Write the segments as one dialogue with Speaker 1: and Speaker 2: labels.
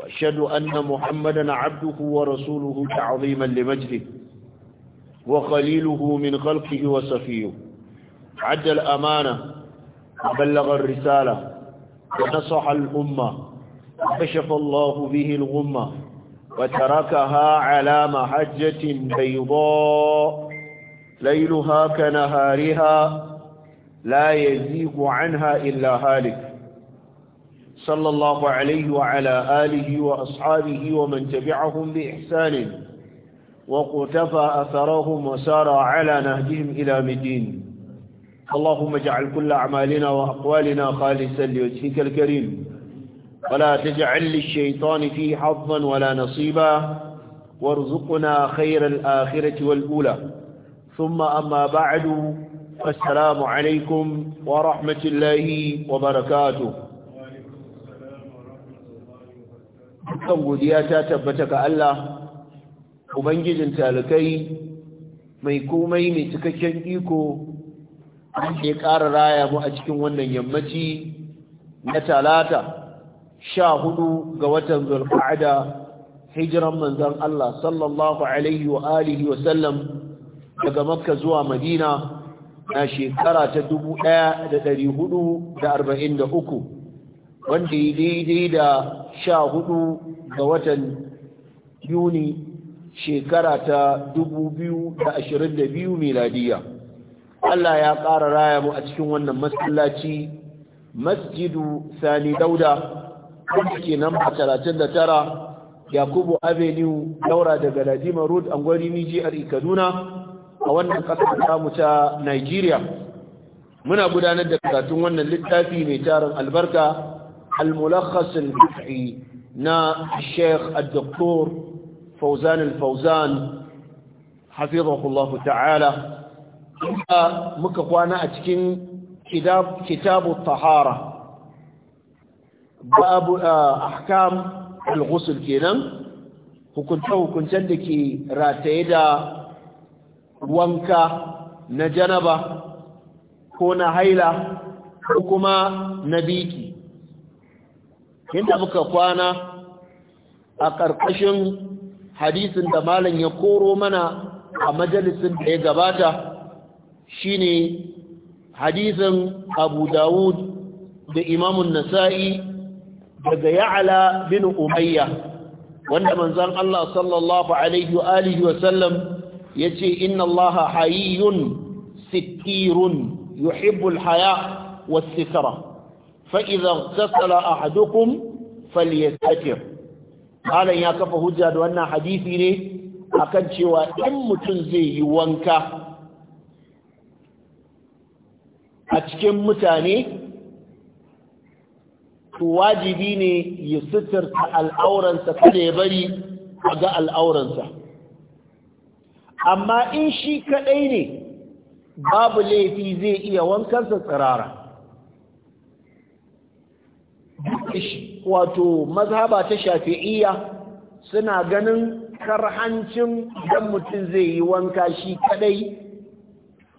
Speaker 1: وأشهد أن محمدا عبده ورسوله تعظيما لمجده وقليله من خلقه وصفيه عد الأمانة وبلغ الرسالة ونصح الأمة وكشف الله به الغمة وتركها على محجة بيضاء ليلها كنهارها لا يزيغ عنها إلا هالك صلى الله عليه وعلى آله وأصحابه ومن تبعهم بإحسان وقتفى أثرهم وسار على نهجهم إلى مدين اللهم اجعل كل أعمالنا وأقوالنا خالصا لوجهك الكريم ولا تجعل للشيطان فيه حظا ولا نصيبا وارزقنا خير الآخرة والأولى ثم أما بعد فالسلام عليكم ورحمة الله وبركاته dukkan godiya ta tabbata ga Allah ubangijin talakai mai komai mai cikakken iko An ya ƙara raya mu a cikin wannan yammaci na talata sha hudu ga watan zulqa'ada hijiran manzon Allah sallallahu alaihi wa alihi wa sallam daga makka zuwa madina na shekara ta dubu ɗaya da da da ɗari uku. wanda ya daidai da sha hudu ga watan yuni shekara ta dubu biyu da ashirin da biyu miladiya Allah ya ƙara raya mu a cikin wannan masallaci masjidu sani dauda wanda ke nan ba talatin da tara yakubu avenue daura daga ladima road an gwari a kaduna a wannan ƙasar tamu ta nigeria muna gudanar da karatun wannan littafi mai tarin albarka الملخص البحثي نا الشيخ الدكتور فوزان الفوزان حفظه الله تعالى مكوانا أتكن كتاب, كتاب الطهارة باب أحكام الغسل كنا hukunce hukuncen da ke rataye da wanka na janaba ko na haila ko kuma na biki inda muka kwana a ƙarƙashin hadisin da malam ya koro mana a majalisin da ya gabata shine hadisin abu dawud da imamun nasa'i daga ya'ala bin umayya wanda manzon Allah sallallahu alaihi wa alihi wa sallam yace inna allaha hayyun sitirun yuhibbul haya was sitra fa'iza tasala a hadukun falyastafir halin ya kafa hujja da wannan hadisi ne akan cewa ɗan mutum zai yi wanka a cikin mutane wajibi ne ya suturta al'auransa kada ya bari a ga al'auransa amma in shi kaɗai ne babu laifi zai iya wankansa tsirara wato mazhaba ta shafi'iyya suna ganin karhancin dan mutum zai yi wanka shi kadai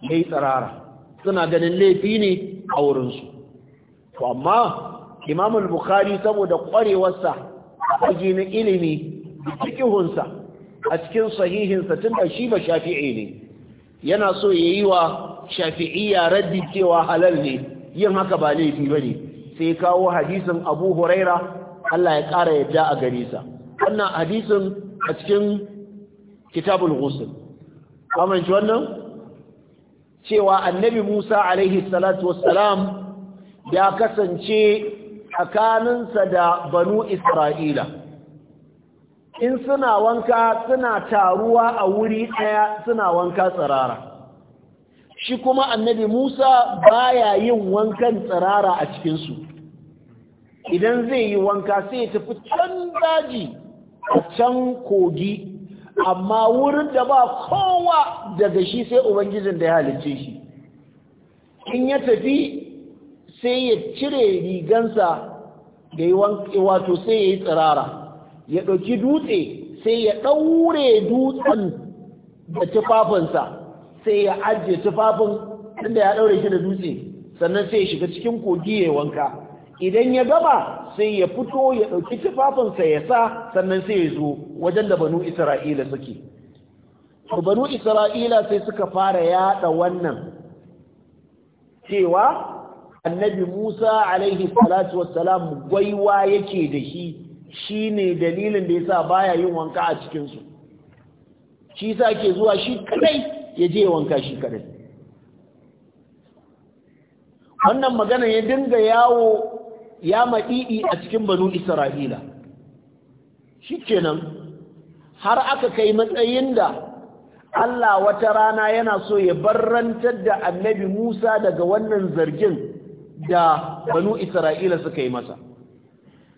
Speaker 1: ya yi tsirara suna ganin laifi ne a wurinsu to amma imamul bukhari saboda kwarewarsa aji na ilimi da cikihunsa a cikin sahihinsa tun da shi ba shafi'i ne yana so ya yi wa shafi'iyya raddi cewa halal ne yin haka ba laifi ba ne sai kawo hadisin abu huraira Allah ya ƙara yadda a garisa wannan hadisin a cikin kitabul ghusl amince wannan cewa annabi Musa alaihi salatu wassalam ya kasance tsakaninsa da banu Isra'ila in suna wanka suna taruwa a wuri ɗaya suna wanka tsirara shi kuma annabi Musa baya yin wankan tsirara a cikinsu idan zai yi wanka sai ya tafi can daji a can kogi amma wurin da ba kowa daga shi sai ubangijin da ya halicce shi in ya tafi sai ya cire rigansa da yi wato sai ya yi tsirara ya ɗauki dutse sai ya ɗaure dutsen da tufafinsa sai ya ajiye tufafin inda ya ɗaure shi da dutse sannan sai ya shiga cikin kogi ya yi wanka idan ya gaba sai ya fito ya ɗauki tufafinsa ya sa sannan sai ya zo wajen da banu isra'ila suke banu isra'ila sai suka fara yada wannan cewa annabi musa alaihi salatu wassalam gwaiwa yake da shi shine dalilin da yasa baya yin wanka a cikinsu shi sa ke zuwa shi kadai ya je wanka shi kadai wannan magana ya dinga yawo ya maɗiɗi a cikin banu isra'ila shi kenan har aka kai matsayin da Allah wata rana yana so ya barrantar da annabi Musa daga wannan zargin da banu isra'ila suka yi masa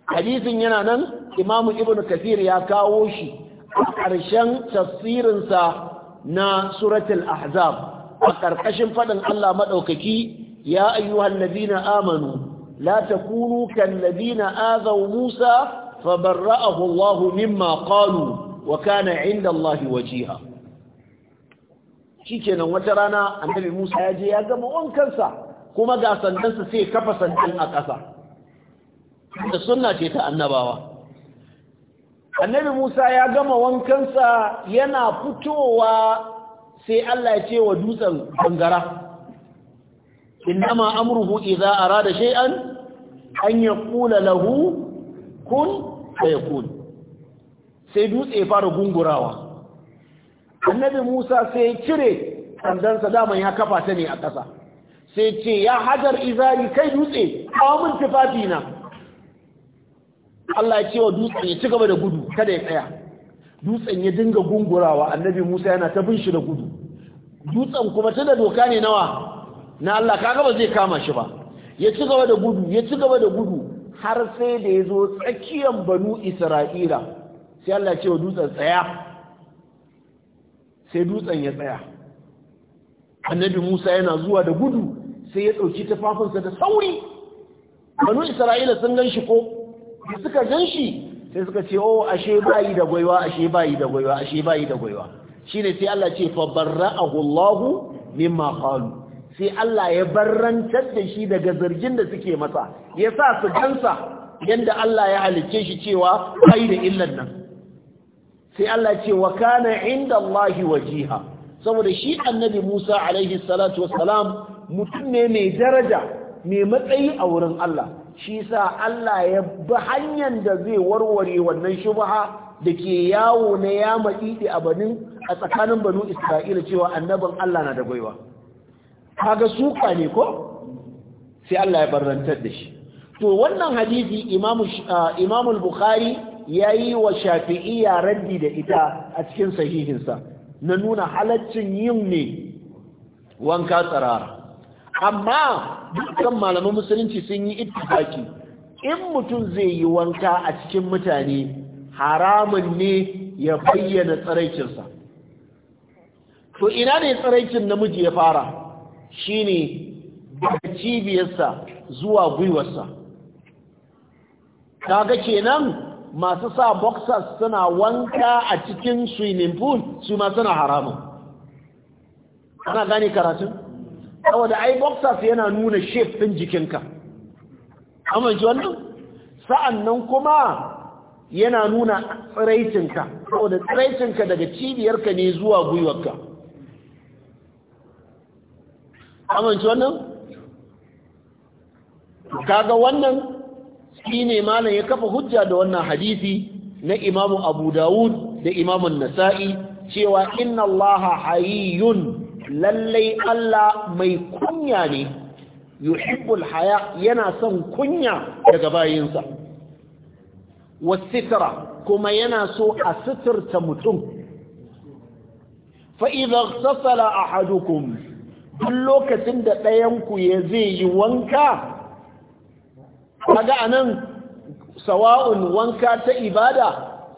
Speaker 1: hadisin yana nan imamu ibn kathir ya kawo shi a ƙarshen tafsirinsa na suratul ahzab a ƙarƙashin faɗin Allah maɗaukaki ya ayyuhan na amanu Lata takunu kan ladina azaw Musa fabarra'ahu Allah mimma qalu wa kana 'inda Allah wajiha wata rana annabi Musa ya je ya gama wankansa kuma ga sandansa sai kafa sandan a ƙasa da sunna ce ta annabawa annabi Musa ya gama wankansa yana fitowa sai Allah ya ce wa dutsen gangara إنما أمره إذا أراد شيئا أن يقول له كن فيكون سيدوس إفار Annabi النبي موسى سيكري sandan سلاما daman ya kafa ta ne a ƙasa sai ce ya hajar izari kai dutse tufafi na Allah ya ce wa dutsen ya ci gaba da gudu kada ya tsaya dutsen ya dinga gungurawa annabi Musa yana ta bin shi da gudu dutsen kuma tana doka ne nawa na Allah kaga ba zai kama shi ba ya ci gaba da gudu ya ci gaba da gudu har sai da ya zo tsakiyar banu isra'ila sai Allah ce wa dutsen tsaya sai dutsen ya tsaya annabi musa yana zuwa da gudu sai ya ɗauki tafafinsa da sauri banu isra'ila sun gan shi ko da suka gan shi sai suka ce o oh, ashe bayi da gwaiwa ashe bayi da gwaiwa ashe bayi da gwaiwa shine sai Allah ce fa barra'ahu Allahu mimma qalu sai Allah ya barrantar da shi daga zargin da suke masa ya sa su gansa yadda Allah ya halicce shi cewa kai da illan nan sai Allah ce wa kana inda Allahi wajiha saboda shi annabi Musa alaihi salatu wassalam mutum ne mai daraja mai matsayi a wurin Allah shi sa Allah ya bi hanyar da zai warware wannan shubha da ke yawo na ya maɗiɗi a a tsakanin banu Isra'ila cewa annabin Allah na da gwaiwa kaga suka ne ko sai Allah ya barrantar da shi to wannan hadisi imamu ah, imamu bukhari yayi wa ya raddi da ita a cikin sahihinsa na nuna halaccin yin ne wanka tsarara amma dukkan malaman musulunci sun yi ittifaki in mutum zai yi wanka a cikin mutane haramun ne ya bayyana tsaraicinsa to ina ne tsaraicin namiji ya fara shine daga cibiyarsa zuwa gwiwarsa kaga kenan masu sa boxers suna wanka a cikin swimming pool su ma suna haramun ana gane karatun saboda ai boxers yana nuna shape din jikinka amince wannan sa'annan kuma yana nuna tsiraitinka saboda tsiraitinka daga cibiyarka ne zuwa gwiwarka amince wannan kaga wannan ne malam ya kafa hujja da wannan hadisi na imamu abu dawud da imamu nasa'i cewa inna allaha hayyun lallai allah mai kunya ne yuhibbul haya yana son kunya daga bayinsa wasitra kuma yana so a sitirta mutum fa idza ghtasala ahadukum duk lokacin da ɗayanku ya zai yi wanka kaga anan sawa'un wanka ta ibada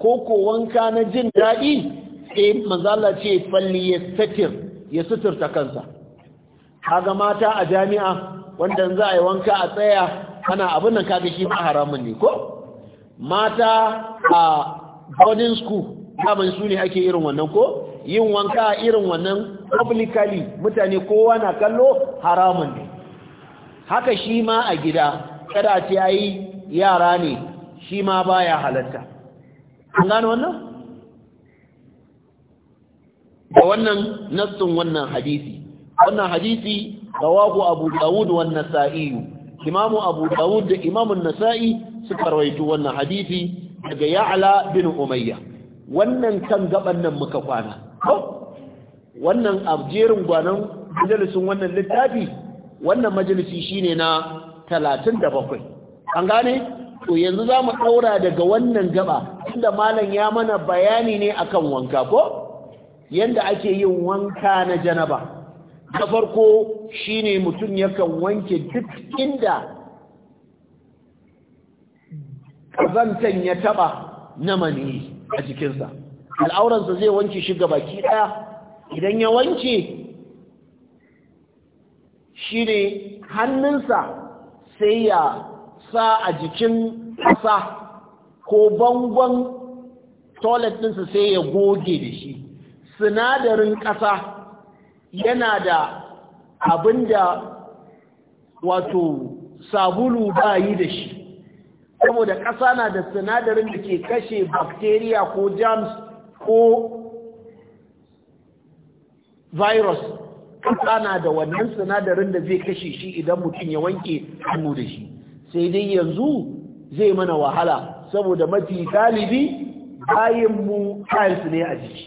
Speaker 1: ko ko wanka na jin daɗi sai manzala ce falli ya satir ya suturta kansa kaga mata a jami'a wanda za a yi wanka a tsaya ana abin nan kaga shi ma haramun ne ko mata a boarding school daman su ne ake irin wannan ko yin wanka a irin wannan publicly mutane kowa na kallo haramun ne haka shi ma a gida kada ta yayi yara ne shi ma baya halatta an gano wannan da wannan nassun wannan hadisi wannan hadisi rawahu abu dawud wan nasa'i imamu abu dawud da imamu nasa'i suka rawaito wannan hadisi daga ya'la bin umayya wannan kan gaban nan muka kwana ko wannan abjerin gwanon majalisun wannan littafi wannan majalisi shine na 37 an gane to yanzu za mu ɗaura daga wannan gaba inda malam ya mana bayani ne akan wanka ko yanda ake yin wanka na janaba na farko shine mutum yakan wanke duk inda ƙazantan ya taba na mani a jikinsa al'auransa zai wanke shi ga baki ɗaya idan ya wanke shi ne hannunsa sai ya sa a jikin ƙasa ko bangon toilet ɗinsa sai ya goge da shi sinadarin ƙasa yana da abin da wato sabulu ba yi da shi saboda ƙasa na da sinadarin da ke kashe bakteriya ko jams. ko virus na da wannan sinadarin da zai kashe shi idan mutum ya wanke hannu da shi sai dai yanzu zai mana wahala saboda mafi galibi mu kayansu ne a jiki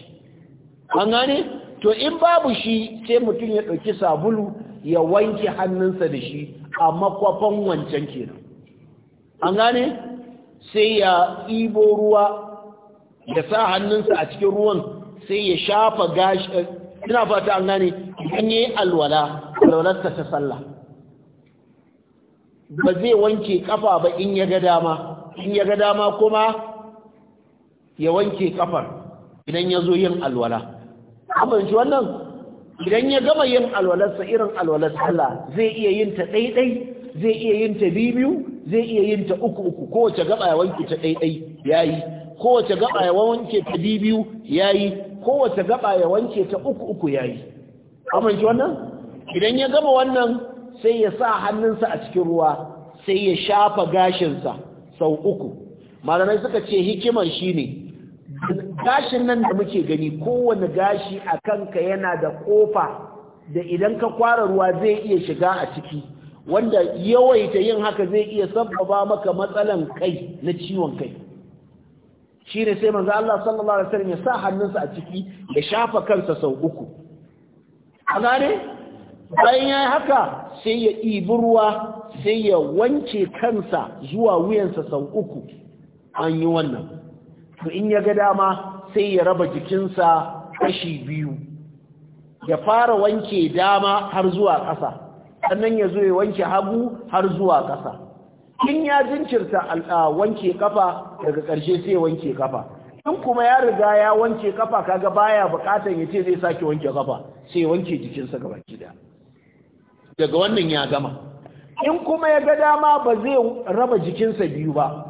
Speaker 1: an gane to in babu shi sai mutum ya ɗauki sabulu ya wanke hannunsa da shi a makwafan wancan kenan an gane sai ya ibo ruwa ya sa hannunsa a cikin ruwan sai ya shafa gashi eh, ina fata an gane in yi alwala alwalarsa ta sallah ba zai wanke kafa ba in ya ga dama in ya ga dama kuma ya wanke kafar idan ya zo yin alwala shi wannan idan ya gama yin alwalarsa irin alwalar sallah zai iya yin ta ɗaiɗai zai iya yin ta biyu zai iya yin ta uku uku kowace gaba ya wanke ta ɗaiɗai ya yi kowace gaba ya wanke ta biyu yi kowace gaba ya wanke ta uku uku ya yi amince wannan idan ya gama wannan sai ya sa hannunsa a cikin ruwa sai ya shafa gashinsa sau uku malamai suka ce hikimar shine gashin nan da muke gani kowane gashi a kanka yana da kofa da idan ka kwara ruwa zai iya shiga a ciki wanda yawaita yin haka zai iya sabbaba maka matsalan kai na ciwon kai shi ne sai manzo Allah sallallahu alaihi wasallam ya sa hannunsa a ciki ya shafa kansa sau uku a gane bayan ya haka sai ya ibi ruwa sai ya wanke kansa zuwa wuyansa sau uku an yi wannan to in ya ga dama sai ya raba jikinsa kashi biyu ya fara wanke dama har zuwa ƙasa sannan ya zo ya wanke hagu har zuwa ƙasa in ya jinkirta wanke kafa daga ƙarshe sai wanke kafa in kuma ya riga ya wanke kafa kaga baya bukatan ya ce zai sake wanke kafa sai wanke jikinsa gaba gida daga wannan ya gama in kuma ya ga dama ba zai raba jikinsa biyu ba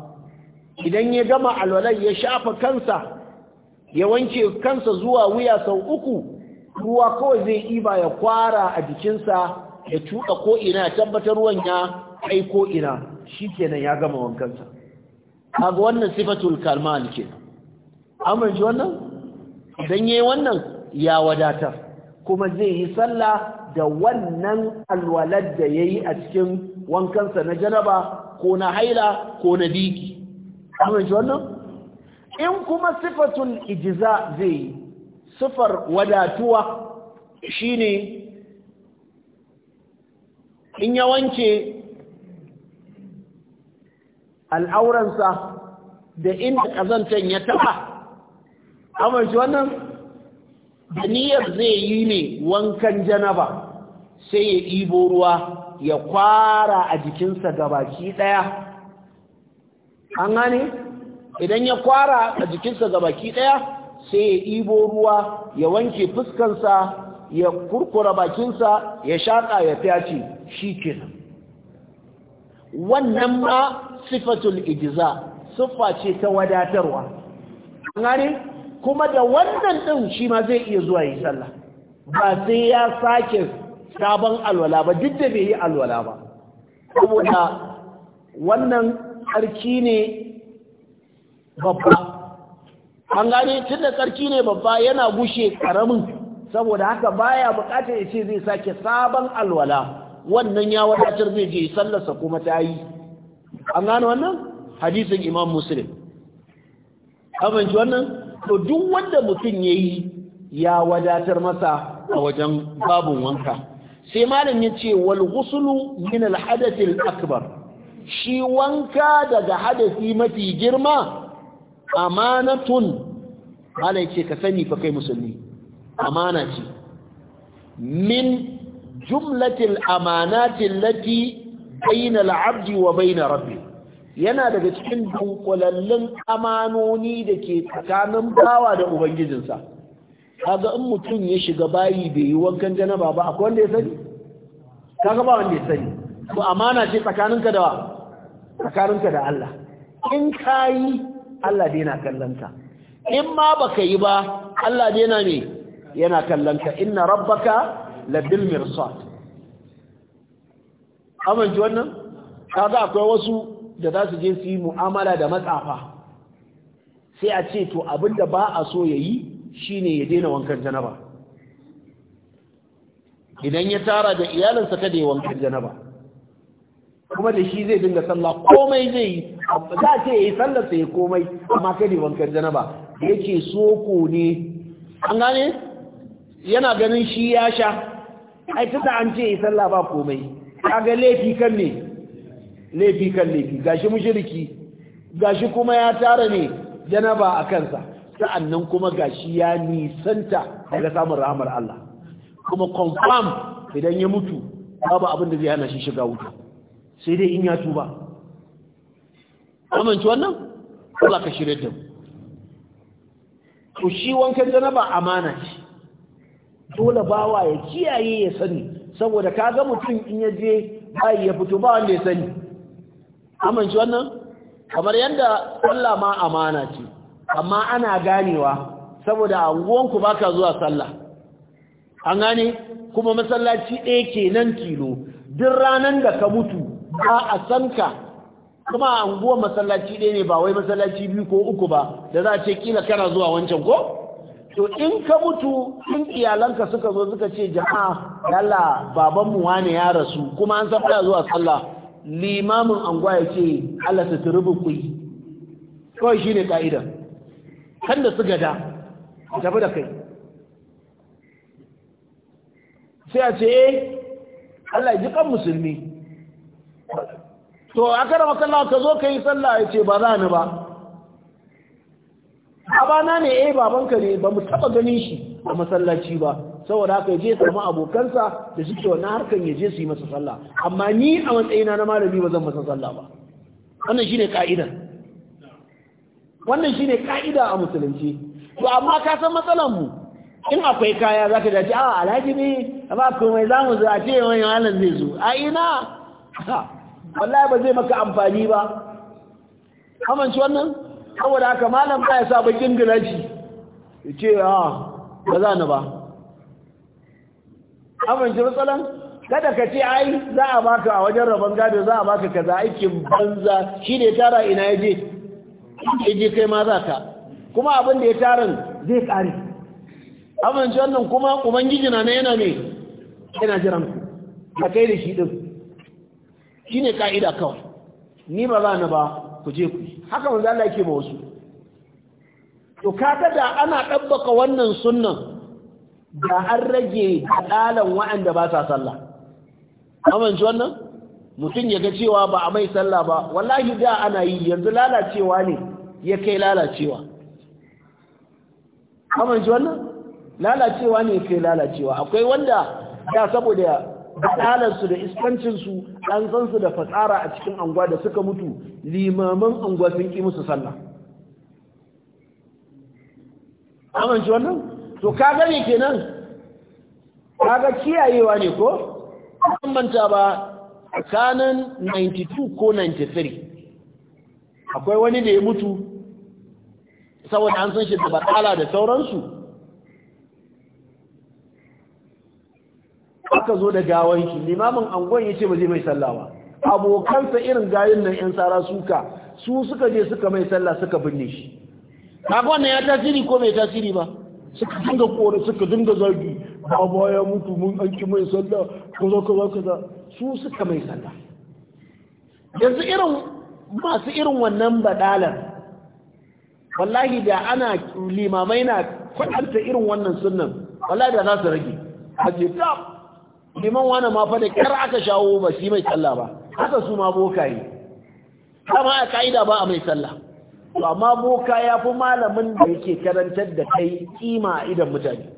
Speaker 1: idan ya gama alwalai ya shafa kansa ya wanke kansa zuwa wuya sau uku ruwa kawai zai iba ya kwara a jikinsa ya cuɗa ko ina ya tabbatar ruwan ya kai ko ina shikenan ya gama wankansa kaga wannan sifatul kalmal amma ji wannan idan yayi wannan ya wadatar kuma zai yi sallah da wannan alwalad da yayi a cikin wankansa na janaba ko na haila ko na amma ji wannan in kuma sifatul ijza zai yi sifar wadatuwa shine in ya wanke al'auransa da inda kazancen ya taɓa amince wannan da zai yi ne wankan janaba sai ya ibo ruwa ya kwara a jikinsa gabaki ɗaya an gane idan ya kwara a jikinsa gabaki ɗaya sai ya ibo ruwa ya wanke fuskansa ya kurkura bakinsa ya shaƙa ya fyace shi kenan wannan ma sifatul ijza siffa ce ta wadatarwa gane kuma da wannan din shi ma zai iya zuwa yi sallah ba sai ya sake sabon alwala ba duk da bai yi alwala ba saboda wannan sarki ne babba an gane tun da sarki ne babba yana gushe karamin saboda haka baya bukatar ya ce zai sake sabon alwala wannan ya wadatar zai je sallarsa kuma ta yi an gano wannan hadisin imam muslim amince wannan to duk wanda mutum ya yi ya wadatar masa a wajen babin wanka sai malam ya ce walhusulu min akbar shi wanka daga hadasi mafi girma amanatun malam ce ka sani fa kai musulmi amana ce min jumlatil amanatin lati. baina al'abdi wa baina rabbi yana daga cikin dunkulallun amanoni da ke tsakanin bawa da ubangijinsa kaga in mutum ya shiga bayi bai yi wankan janaba ba akwai wanda ya sani kaga ba wanda ya sani to amana ce tsakaninka da tsakaninka da Allah in kayi Allah dai na kallonka in ma baka yi ba Allah dai na me yana kallonka inna rabbaka ladil mirsat amince wannan kaga akwai wasu da za su je su yi mu'amala da matsafa sai a ce to abin da ba a so ya yi shine ya daina wankan janaba idan ya tara da iyalinsa kada ya wankan janaba kuma da shi zai dinga sallah komai zai yi za a ce ya yi sallar sai komai amma kada ya wankan janaba yake soko ne an gane yana ganin shi ya sha ai tunda an ce ya sallah ba komai kaga laifi kan ne laifi kan laifi gashi mushriki gashi kuma ya tara ne janaba a kansa sa'annan kuma gashi ya nisanta daga samun rahamar Allah kuma confirm idan ya mutu babu abin da zai hana shi shiga wuta sai dai in ya tuba amince wannan Allah ka shirye da ku? shi wankan janaba amana ce dole bawa ya kiyaye ya sani saboda ka ga mutum in ya je bayi ya fito ba wanda ya sani amince wannan kamar yadda sallah ma amana ce amma ana ganewa saboda anguwanku baka zuwa sallah an gane kuma masallaci ɗaya kenan tilo duk ranar da ka mutu ba a san ka kuma anguwan masallaci ɗaya ne ba wai masallaci biyu ko uku ba da za a ce kila kana zuwa wancan ko to in ka mutu in iyalanka suka zo suka ce jama'a yalla babanmu wane ya rasu kuma an san zuwa sallah limamin anguwa ya ce Allah ta turubu ku yi kawai shine ka'ida kan da suka da tafi da kai sai a ce eh Allah ya ji kan musulmi to a karama sallah ka zo ka yi sallah ya ce ba za ni ba abana ne eh babanka ne ba mu taba ganin shi a masallaci ba saboda haka ya je samu abokansa da suke wannan harkan ya je su yi masa sallah amma ni a matsayina na malami ba zan masa sallah ba wannan shine ka'ida wannan shine ka'ida a musulunci to amma ka san matsalan mu in akwai kaya zaka ji a alhaji ne ba mai zamu zo a ce wani malam zai zo a ina wallahi ba zai maka amfani ba kamanci wannan saboda haka malam ba ya sa bakin gilashi ya ce a ah, ba za ni ba amince matsalan kada ka ce ai za a baka a wajen rabon gado za a baka kaza aikin banza shi ne tara ina ya je ya je kai ma za ka kuma abin da ya tarin zai kare amince wannan kuma ubangiji na yana ne yana jiran ku a kai da shi din shi ne ka'ida kawai ni ba za ni ba ku je ku haka manzo Allah yake ba wasu to kaga da ana dabbaka wannan sunnan da an rage dalalan wa'anda ba sa sallah wannan mutum ya ga cewa ba a mai sallah ba wallahi da ana yi yanzu lalacewa ne ya kai lalacewa wannan lalacewa ne kai lalacewa akwai wanda ya saboda badalarsu da iskancinsu an san su da fasara a cikin anguwa da suka mutu limaman anguwa sun ƙi musu sallah amince wannan to ka gane kenan kaga kiyayewa ne ko an manta ba tsakanin 92 ko 93 akwai wani da ya mutu saboda an san shi da batsala da sauransu aka zo da gawan shi limamin angon ya ce ba zai mai sallah ba abokansa irin gayin nan yan tsara suka su suka je suka mai sallah suka binne shi abon ya tasiri ko bai tasiri ba suka dinga kore suka dinga zargi baba ya mutu mun an ki mai sallah kaza kaza kaza su suka mai sallah yanzu irin masu irin wannan badalar wallahi da ana limamai na kwadanta irin wannan sunnan wallahi da za su rage a ce liman wani ma da kyar aka shawo ba shi mai tsalla ba haka su ma bokaye kama a ka'ida ba a mai tsalla. to amma boka ya fi malamin da yake karantar da kai kima a idan mutane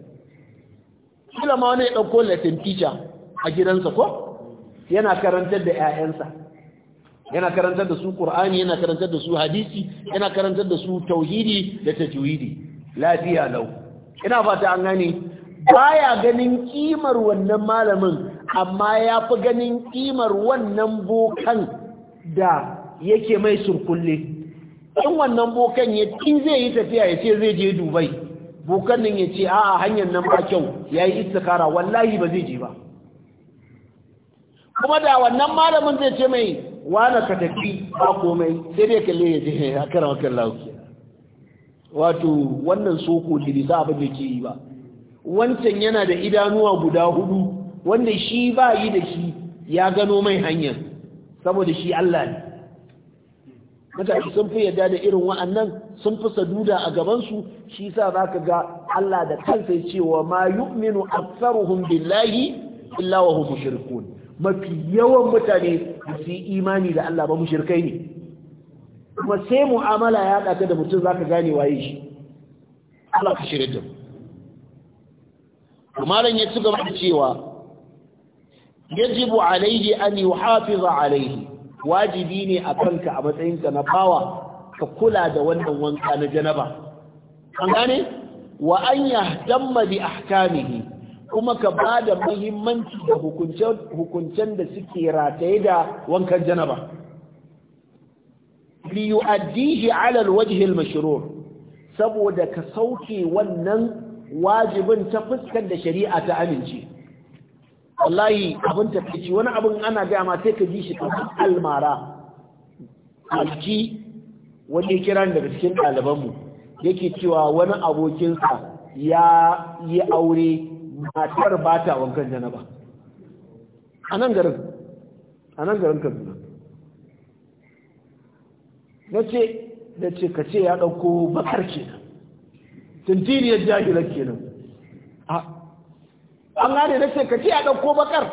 Speaker 1: kila ma wani ya ɗauko latin teacher a gidansa ko yana karantar da 'ya'yansa yana karantar da su ƙur'ani yana karantar da su hadisi yana karantar da su tauhidi da tajwidi lafiya lau ina fata an gani baya ganin kimar wannan malamin amma ya fi ganin kimar wannan bokan da yake mai surkulle in wannan bokan ya in zai yi tafiya ya ce zai je dubai bokan nan ya ce a'a hanyar nan ba kyau ya yi istikara wallahi ba zai je ba kuma da wannan malamin zai ce mai wane ka tafi ba komai sai dai kalle ya ce a karan lauki wato wannan soko ne bisa abin da ke yi ba wancan yana da idanuwa guda hudu wanda shi ba yi da shi ya gano mai hanyar saboda shi Allah ne mutane sun fi yadda da irin wa'annan sun fi saduda a gabansu shi sa za ka ga Allah da kansa ya ce wa ma yu'minu aktsaruhum billahi illa wa hum mushrikun mafi yawan mutane da su imani da Allah ba mushrikai ne kuma sai mu'amala ya ɗaka da mutum zaka ka gane waye shi Allah ka shirya malam ya ci gaba da cewa yajibu alaihi an yuhafiza alaihi wajibi ne a kanka a matsayinka na bawa ka kula da wannan wanka na janaba an gane wa an yahdamma bi ahkamihi kuma ka ba da muhimmanci da hukuncen da suke rataye da wankan janaba liyu'addihi ala alwajhi almashrur saboda ka sauke wannan wajibin ta fuskar da shari'a ta amince wallahi abin tafici wani abin ana gaya ma sai ka ji shi kamar almara alki wani kiran daga cikin ɗaliban mu. yake cewa wani abokinsa ya yi aure matar ba ta wankan janaba a nan garin a nan garin kaduna na ce da ce ka ce ya ɗauko bakar kenan tintiriyar jahilar kenan an gane na ce ka ce a ɗauko bakar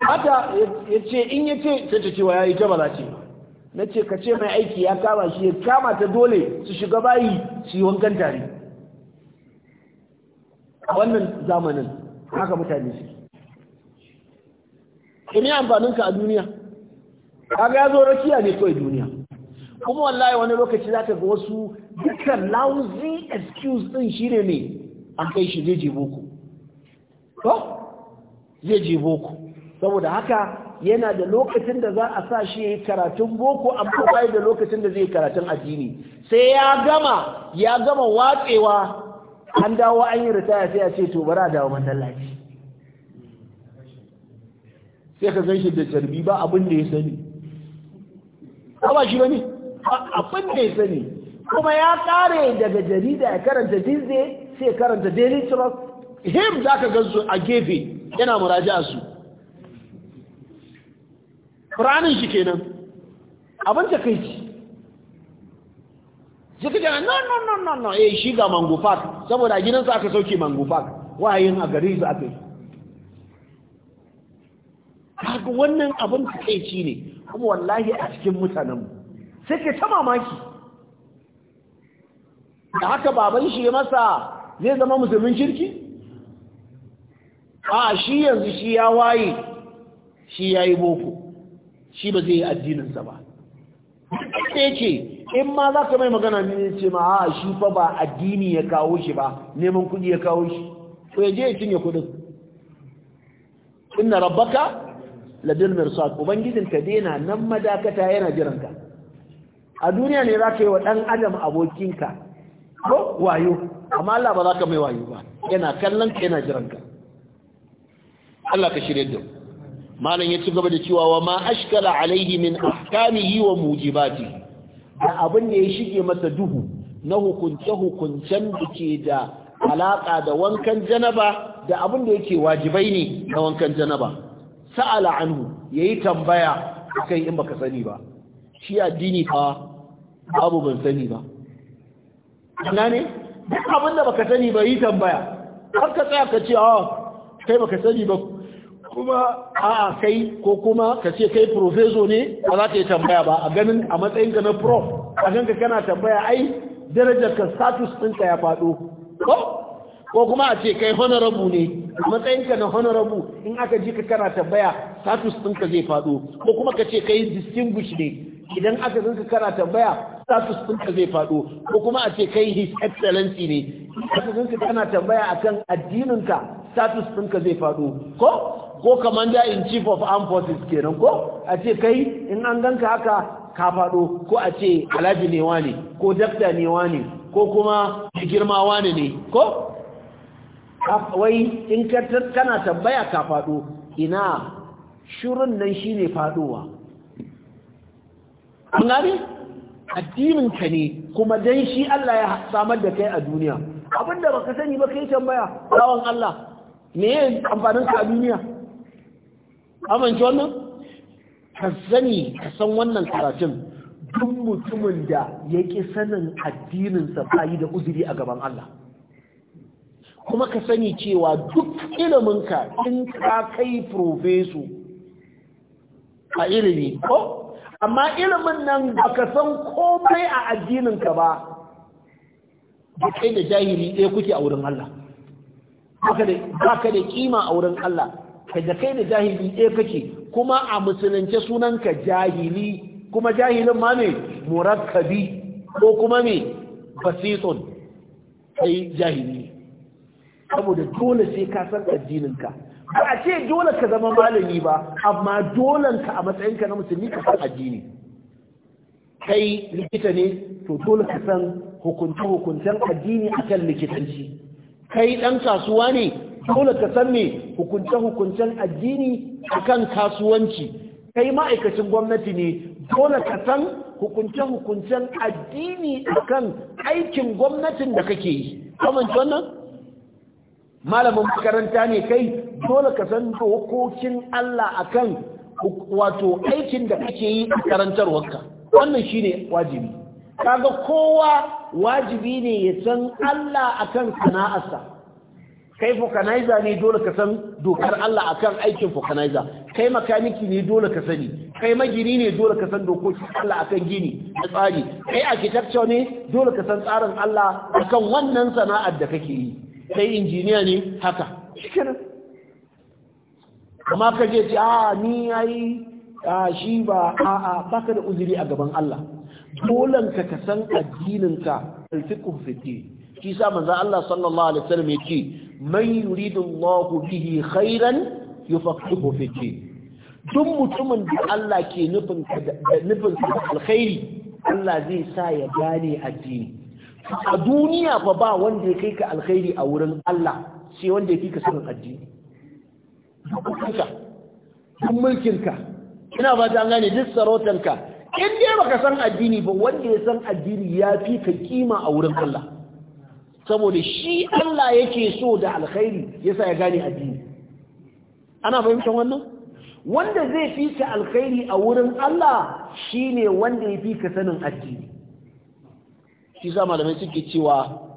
Speaker 1: hata ya ce in ya ce sai ta cewa ya yi ta ba na ce ka ce mai aiki ya kama shi ya kama ta dole su shiga bayi su yi wankan tare a wannan zamanin haka mutane su ne amfaninka a duniya kaga ya zo rakiya ne kawai duniya kuma wallahi wani lokaci za ka ga wasu duka lauzi excuse din shine ne an kai shi zai je boko to zai je boko saboda haka yana da lokacin da za a sa shi ya yi karatun boko amma bai da lokacin da zai karatun addini sai ya gama ya gama watsewa an dawo an yi ritaya sai a ce to bara dawo masallaci sai ka san shi da carbi ba abin da ya sani ba shi bane abin da ya sani kuma ya kare daga jarida ya karanta dizze sai karanta daily trust him za ka gansu a gefe yana muraja su ƙuranin shi kenan abin ta kai ci sai ka jana no no no no no eh shi ga mango park saboda gidansa aka sauke mango park wayin a gari su aka yi kaga wannan abin ta kai ci ne kuma wallahi a cikin mutanenmu sai ke ta mamaki da haka baban shi masa zai zama musulmin kirki a shi yanzu shi ya waye shi ya yi boko shi ba zai yi addininsa ba ɗaya ce in ma za ka mai magana ne ce ma a shi fa ba addini ya kawo shi ba neman kuɗi ya kawo shi Ko ya je ya cinye kuɗin inna rabbaka ladin mirsad ubangijinka dai na nan madakata yana jiranka a duniya ne za ka yi wa ɗan adam abokinka ko wayo amma Allah ba za ka mai wayo ba yana kallon ka yana jiran ka Allah ka shirye da malam ya ci gaba da cewa wa ma ashkala alaihi min ahkamihi wa mujibati da abin da ya shige masa duhu na hukunce hukuncen da ke da alaka da wankan janaba da abin da yake wajibai ne na wankan janaba sa'ala anhu yayi tambaya kai in baka sani ba shi addini fa babu ban sani ba ana ne duk abin da baka sani ba yi tambaya har ka tsaya ka ce ah kai baka sani ba kuma a'a kai ko kuma ka ce kai professor ne ba za ka yi tambaya ba a ganin a matsayin ka na prof a ka kana tambaya ai darajar ka status ka ya faɗo ko ko kuma a ce kai honorable ne a matsayin ka na honorable in aka ji ka kana tambaya status ɗinka zai fado ko kuma ka ce kai distinguished ne idan aka zanka kana tambaya status ɗinka zai faɗo ko kuma a ce kai his excellency ne sun su tana tambaya akan addininka status ɗinka zai faɗo ko ko commander in chief of armed forces kenan ko a ce kai in an ganka haka ka faɗo ko a ce alhaji ne ne? ko dakta ne ne? ko kuma girma wani ne ko wai in kana tambaya ka faɗo ina shirin nan shine faɗowa an gane addinin ka ne kuma dan shi Allah ya samar da kai a duniya abinda baka sani ba kai tambaya rawan Allah me ne amfanin ka a duniya amince wannan ka sani ka san wannan karatun duk mutumin da yake sanin addinin sa bai da uzuri a gaban Allah kuma ka sani cewa duk iliminka in ka kai profeso a ilimi ko amma ilimin nan baka san komai a addininka ba da kai da jahili ɗaya kuke a wurin Allah baka da kima a wurin Allah ka da kai da jahili ɗaya kake kuma a musulunce sunanka jahili kuma jahilin ma ne murakkabi ko kuma ne basitun kai jahili saboda dole sai ka san addininka ba a ce dole ka zama malami ba amma dolen ka a matsayinka na musulmi ka san addini kai likita ne to dole ka san hukunce-hukuncen addini akan likitanci kai dan kasuwa ne dole ka san me hukunce-hukuncen addini a kan kasuwanci kai ma'aikacin gwamnati ne dole ka san hukunce-hukuncen addini a kan aikin gwamnatin da kake yi kamar wannan malamin makaranta ne kai dole ka san dokokin Allah akan wato aikin da kake yi a karantarwarka wannan shine wajibi kaga kowa wajibi ne ya san Allah akan sana'arsa kai vulcanizer ne dole ka san dokar Allah akan aikin vulcanizer kai makaniki ne dole ka sani kai magini ne dole ka san dokokin Allah akan gini da tsari kai architecture ne dole ka san tsarin Allah akan wannan sana'ar da kake yi kai injiniya ne haka shikenan amma ka je ce a ah, ni yayi a shi ba a a baka da uzuri a gaban Allah dolan ka ka san addinin ka alfiqhu fiqi shi sa manzo Allah sallallahu alaihi wasallam yake man yuridu Allah bihi khairan yufaqihu fiqi duk mutumin da Allah ke nufin nufin alkhairi Allah zai sa ya gane addini a duniya fa ba wanda ya kai ka alkhairi a wurin Allah sai wanda ya fi ka sanin addini dukkanka duk mulkinka ina ba ta gane duk sarautanka in dai baka san addini ba wanda ya san addini ya fi ka kima a wurin Allah saboda shi Allah yake so da alkhairi yasa ya gane addini ana fahimtar wannan wanda zai fi ka alkhairi a wurin Allah shine wanda ya fi ka sanin addini shi sa malamai suke cewa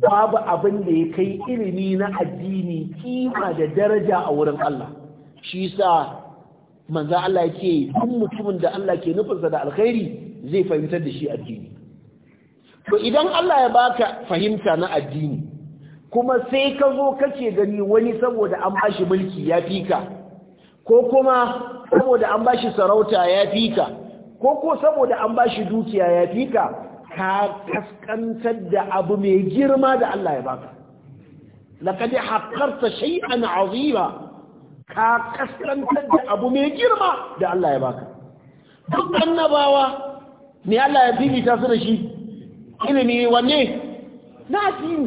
Speaker 1: babu abin da ya kai ilimi na addini kima da daraja a wurin Allah shi sa manzo Allah yake duk mutumin da Allah ke nufinsa da alkhairi zai fahimtar da shi addini to idan Allah ya baka fahimta na addini kuma sai ka zo kace gani wani saboda an bashi mulki ya fika ko kuma saboda an bashi sarauta ya fika ko ko saboda an bashi dukiya ya fika ka kaskantar da abu mai girma da Allah ya baka laqad haqqarta shay'an 'azima ka kaskantar da abu mai girma da Allah ya baka duk annabawa ne Allah ya bibita su da shi ilimi wanne na addini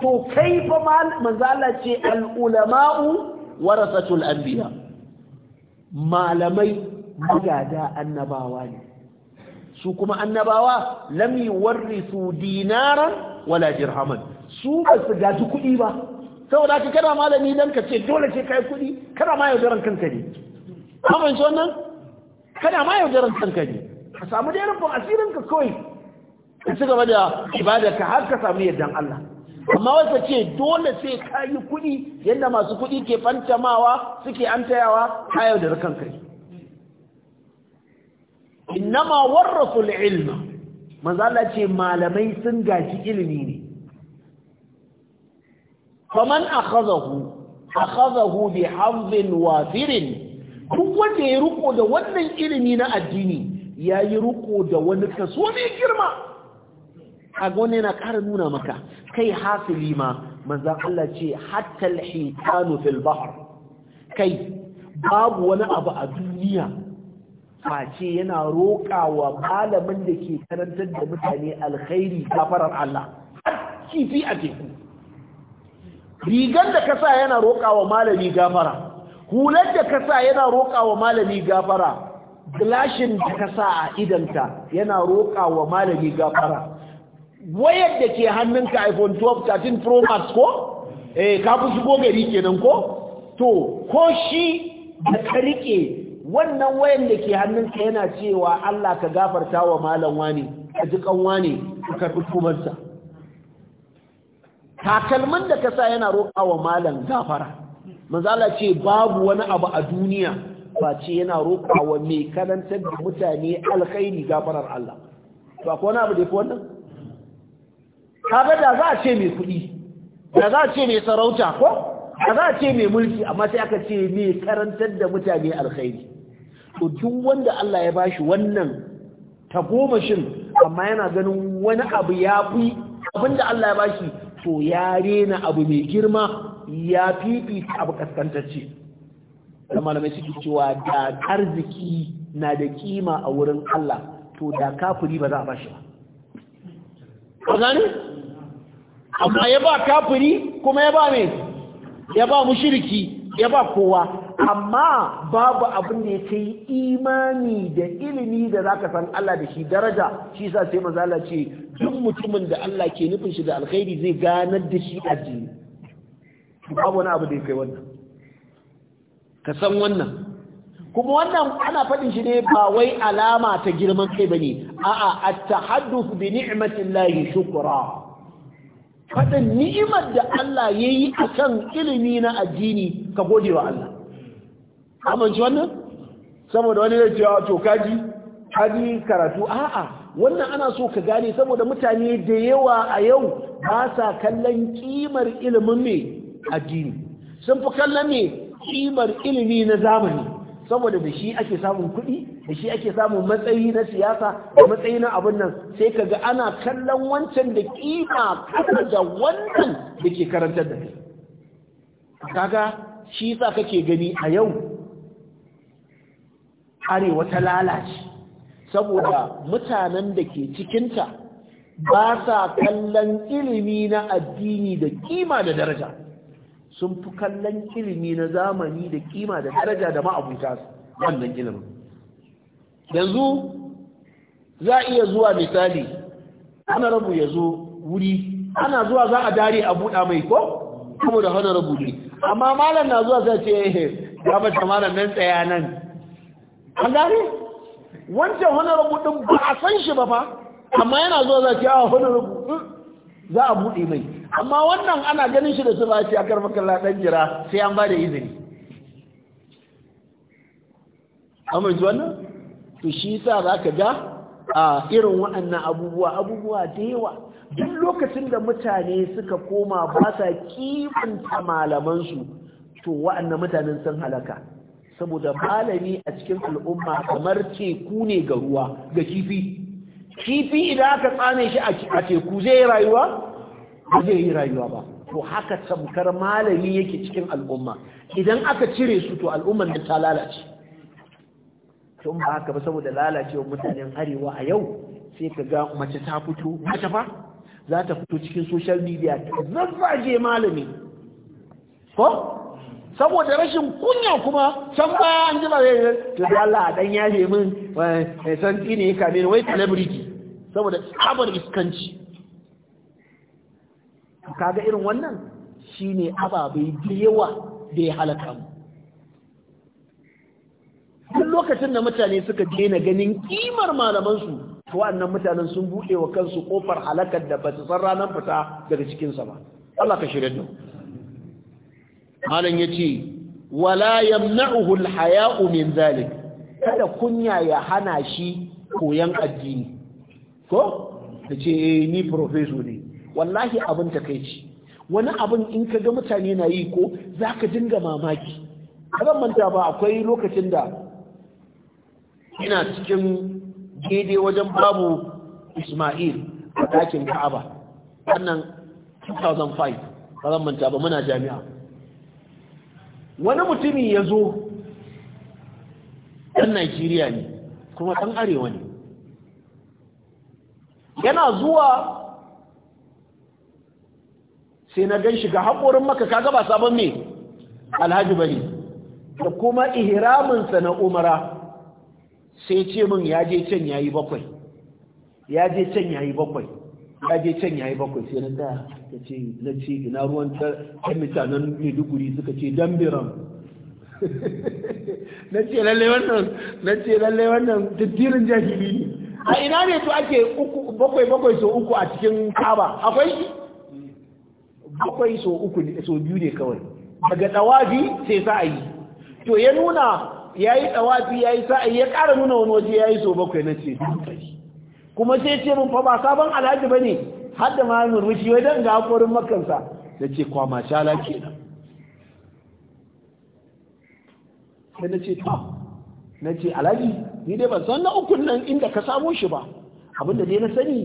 Speaker 1: to kai fa manzala ce al'ulama'u warasatul anbiya malamai magada annabawa ne su kuma annabawa lam yuwarrisu dinaran wala dirhaman su ba su gaji kuɗi ba saboda ka kana malami dan ka ce dole ce kai kuɗi kana ma yaudaran kanka ne amince wannan kana ma yaudaran kanka ne ka samu da rufin asirin ka kawai ka ci gaba da ibada ka har ka samu yardan Allah amma wata ce dole sai kayi kuɗi yadda masu kuɗi ke fantamawa suke antayawa ka yaudaran kanka ne innama warrasul ilma manzala ce malamai sun gaji ilimi ne faman akhadahu akhadahu bi hamdin wafirin duk wanda ya riko da wannan ilimi na addini yayi riko da wani kaso mai girma a gone na ƙara nuna maka kai hasili ma manzan Allah ce hatta al-hitanu fil bahr kai babu wani abu a duniya face yana roƙawa malamin da ke karantar da mutane alkhairi gafarar Allah kifi a teku rigar da kasa yana roƙawa malami gafara hular da kasa yana wa malami gafara gilashin da kasa a idanta yana roƙawa malami gafara wayar da ke hannunka iPhone 12 13 Pro Max ko eh ka fi shigo gari kenan ko to ko shi da ka rike wannan wayan da ke hannunka yana cewa Allah ka gafarta wa malam wani ka ji kanwa ne ka karɓi tubarsa takalman da ka sa yana roƙa wa malam gafara manzala ce babu wani abu a duniya ba ce yana roƙa wa mai karantar da mutane alkhairi gafarar Allah ba ko wani abu da ya wannan kaga da za a ce mai kuɗi da za a ce mai sarauta ko da za a ce mai mulki amma sai aka ce mai karantar da mutane alkhairi to duk wanda Allah ya bashi wannan tagomashin amma yana ganin wani abu ya fi abinda Allah ya bashi to ya rena abu mai girma ya fifi abu kaskantacce da malamai suke cewa da arziki na da kima a wurin Allah to da kafiri ba za a bashi ba gani amma ya ba kafiri kuma ya ba ne ya ba mushiriki ya ba kowa amma babu abin da ya ce imani da ilimi da za ka san Allah da shi daraja shi sa sai mazala ce duk mutumin da Allah ke nufin shi da alkhairi zai ganar da shi addini babu wani abu da ya kai wannan ka san wannan kuma wannan ana faɗin shi ne ba wai alama ta girman kai bane a'a at-tahadduth bi ni'matillahi shukra faɗin ni'imar da Allah ya yi a kan ilimi na addini ka gode wa Allah amince wannan saboda wani zai cewa ah, to kaji kaji karatu a'a wannan ana so ka gane saboda mutane da yawa a yau ba sa kallon kimar ilimin mai addini sun fi kallon mai kimar ilimi na zamani saboda da shi ake samun kuɗi da shi ake samun matsayi na siyasa da matsayi na abin nan sai ka ga ana kallon wancan da kima kasa da wannan da ke karantar da kai kaga shi sa kake gani a yau arewa ta lalace saboda mutanen da ke cikinta ba sa kallon ilimi na addini da kima da daraja sun fi kallon ilimi na zamani da kima da daraja da ma'abuta wannan ilimin yanzu za iya zuwa misali ana rabu ya zo wuri ana zuwa za a dare a buɗa mai ko da hana rabu ne amma malam na zuwa sai ce eh, eh, ya mace malam nan tsaya nan an gane wancan honorable din ba a san shi ba fa amma yana zuwa za ki yawa ah, honorable hmm, za a buɗe mai amma wannan ana ganin shi da su ba ce a karfakan ladan jira sai an ba da izini amince wannan to shi sa za ka ga a irin waɗannan abubuwa abubuwa da yawa duk lokacin da mutane suka koma ba sa ta malamansu to waɗannan mutanen sun halaka saboda malami a cikin al'umma kamar teku ne ga ruwa ga kifi kifi idan aka tsame shi a teku zai yi rayuwa ba zai yi rayuwa ba to haka tamkar malami yake cikin al'umma idan aka cire su to al'umman da ta lalace tun ba haka ba saboda wa mutanen arewa a yau sai ka ga mace ta fito mace fa za ta fito cikin social media ta zazzaje malami ko saboda rashin kunya kuma can baya an jima zai yi da Allah dan ya ce min mai eh, eh, ɗi ne ya kame ni wai celebrity saboda tsabar iskanci kaga irin wannan shine ababai da yawa da ya halaka mu duk lokacin da mutane suka daina ganin kimar malamansu to wannan mutanen sun buɗe wa kansu kofar halakar da ba su san ranar fita daga cikinsa ba Allah ka shirya da mu malam yace wala yamna'uhu alhaya'u min zalik kada kunya ya hana shi koyan addini ko ta ce eh, ni professor ne wallahi abin ta ci wani abin in ka ga mutane na yi ko zaka dinga mamaki zan manta ba akwai lokacin da ina cikin gede wajen babu Ismail a ɗakin Ka'aba wannan 2005 ba manta ba muna jami'a wani mutumi ya zo ɗan Najeriya ne kuma ɗan arewa ne yana zuwa sai na gan shiga haƙorin maka kaga ba sabon ne, alhaji bari da kuma ihraminsa na umara sai ce min ya je can yayi bakwai ya je can yayi bakwai ya je can yi bakwai sai na tsaya ta ce na ce ina ruwan ta mutanen Maiduguri suka ce dambiran na ce lalle wannan na ce lalle wannan tattirin jahili ne a ina ne to ake bakwai bakwai so uku a cikin kaba akwai bakwai so uku ne so biyu ne kawai daga tsawafi sai sa'ayi to ya nuna yi sa a yi ya ƙara nuna wani waje ya yi so bakwai na ce kuma sai ce mun fa ba sabon alhaji bane har da ma murmushi wai dan ga hakorin makansa yace kwama shala kenan sai nace to nace alhaji ni dai ban san na ukun nan inda ka samu shi ba abinda dai na sani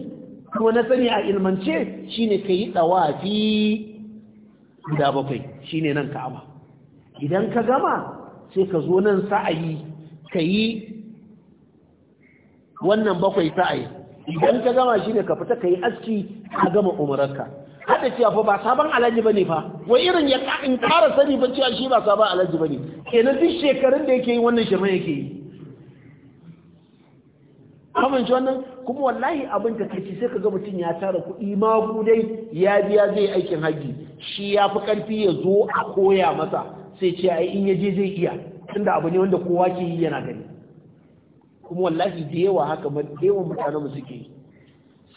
Speaker 1: kuma na sani a ilmance shine kai dawafi guda bakwai shine nan ka ama. idan ka gama sai ka zo nan sa'ayi kayi wannan bakwai sa'ayi idan ka gama shi ne ka fita ka yi aski a gama umararka haɗa cewa fa ba sabon alhaji bane fa wai irin ya in ƙara sani ba cewa shi ba sabon alhaji bane kenan duk shekarun da yake yi wannan shirme yake yi shi wannan kuma wallahi abin ta kai sai ka ga mutum ya tara kuɗi ma dai ya biya zai aikin haji shi ya fi ƙarfi ya zo a koya masa sai ce ai in ya je zai iya tunda abu ne wanda kowa ke yi yana gani kuma wallahi da yawa haka yawan mutanen mu suke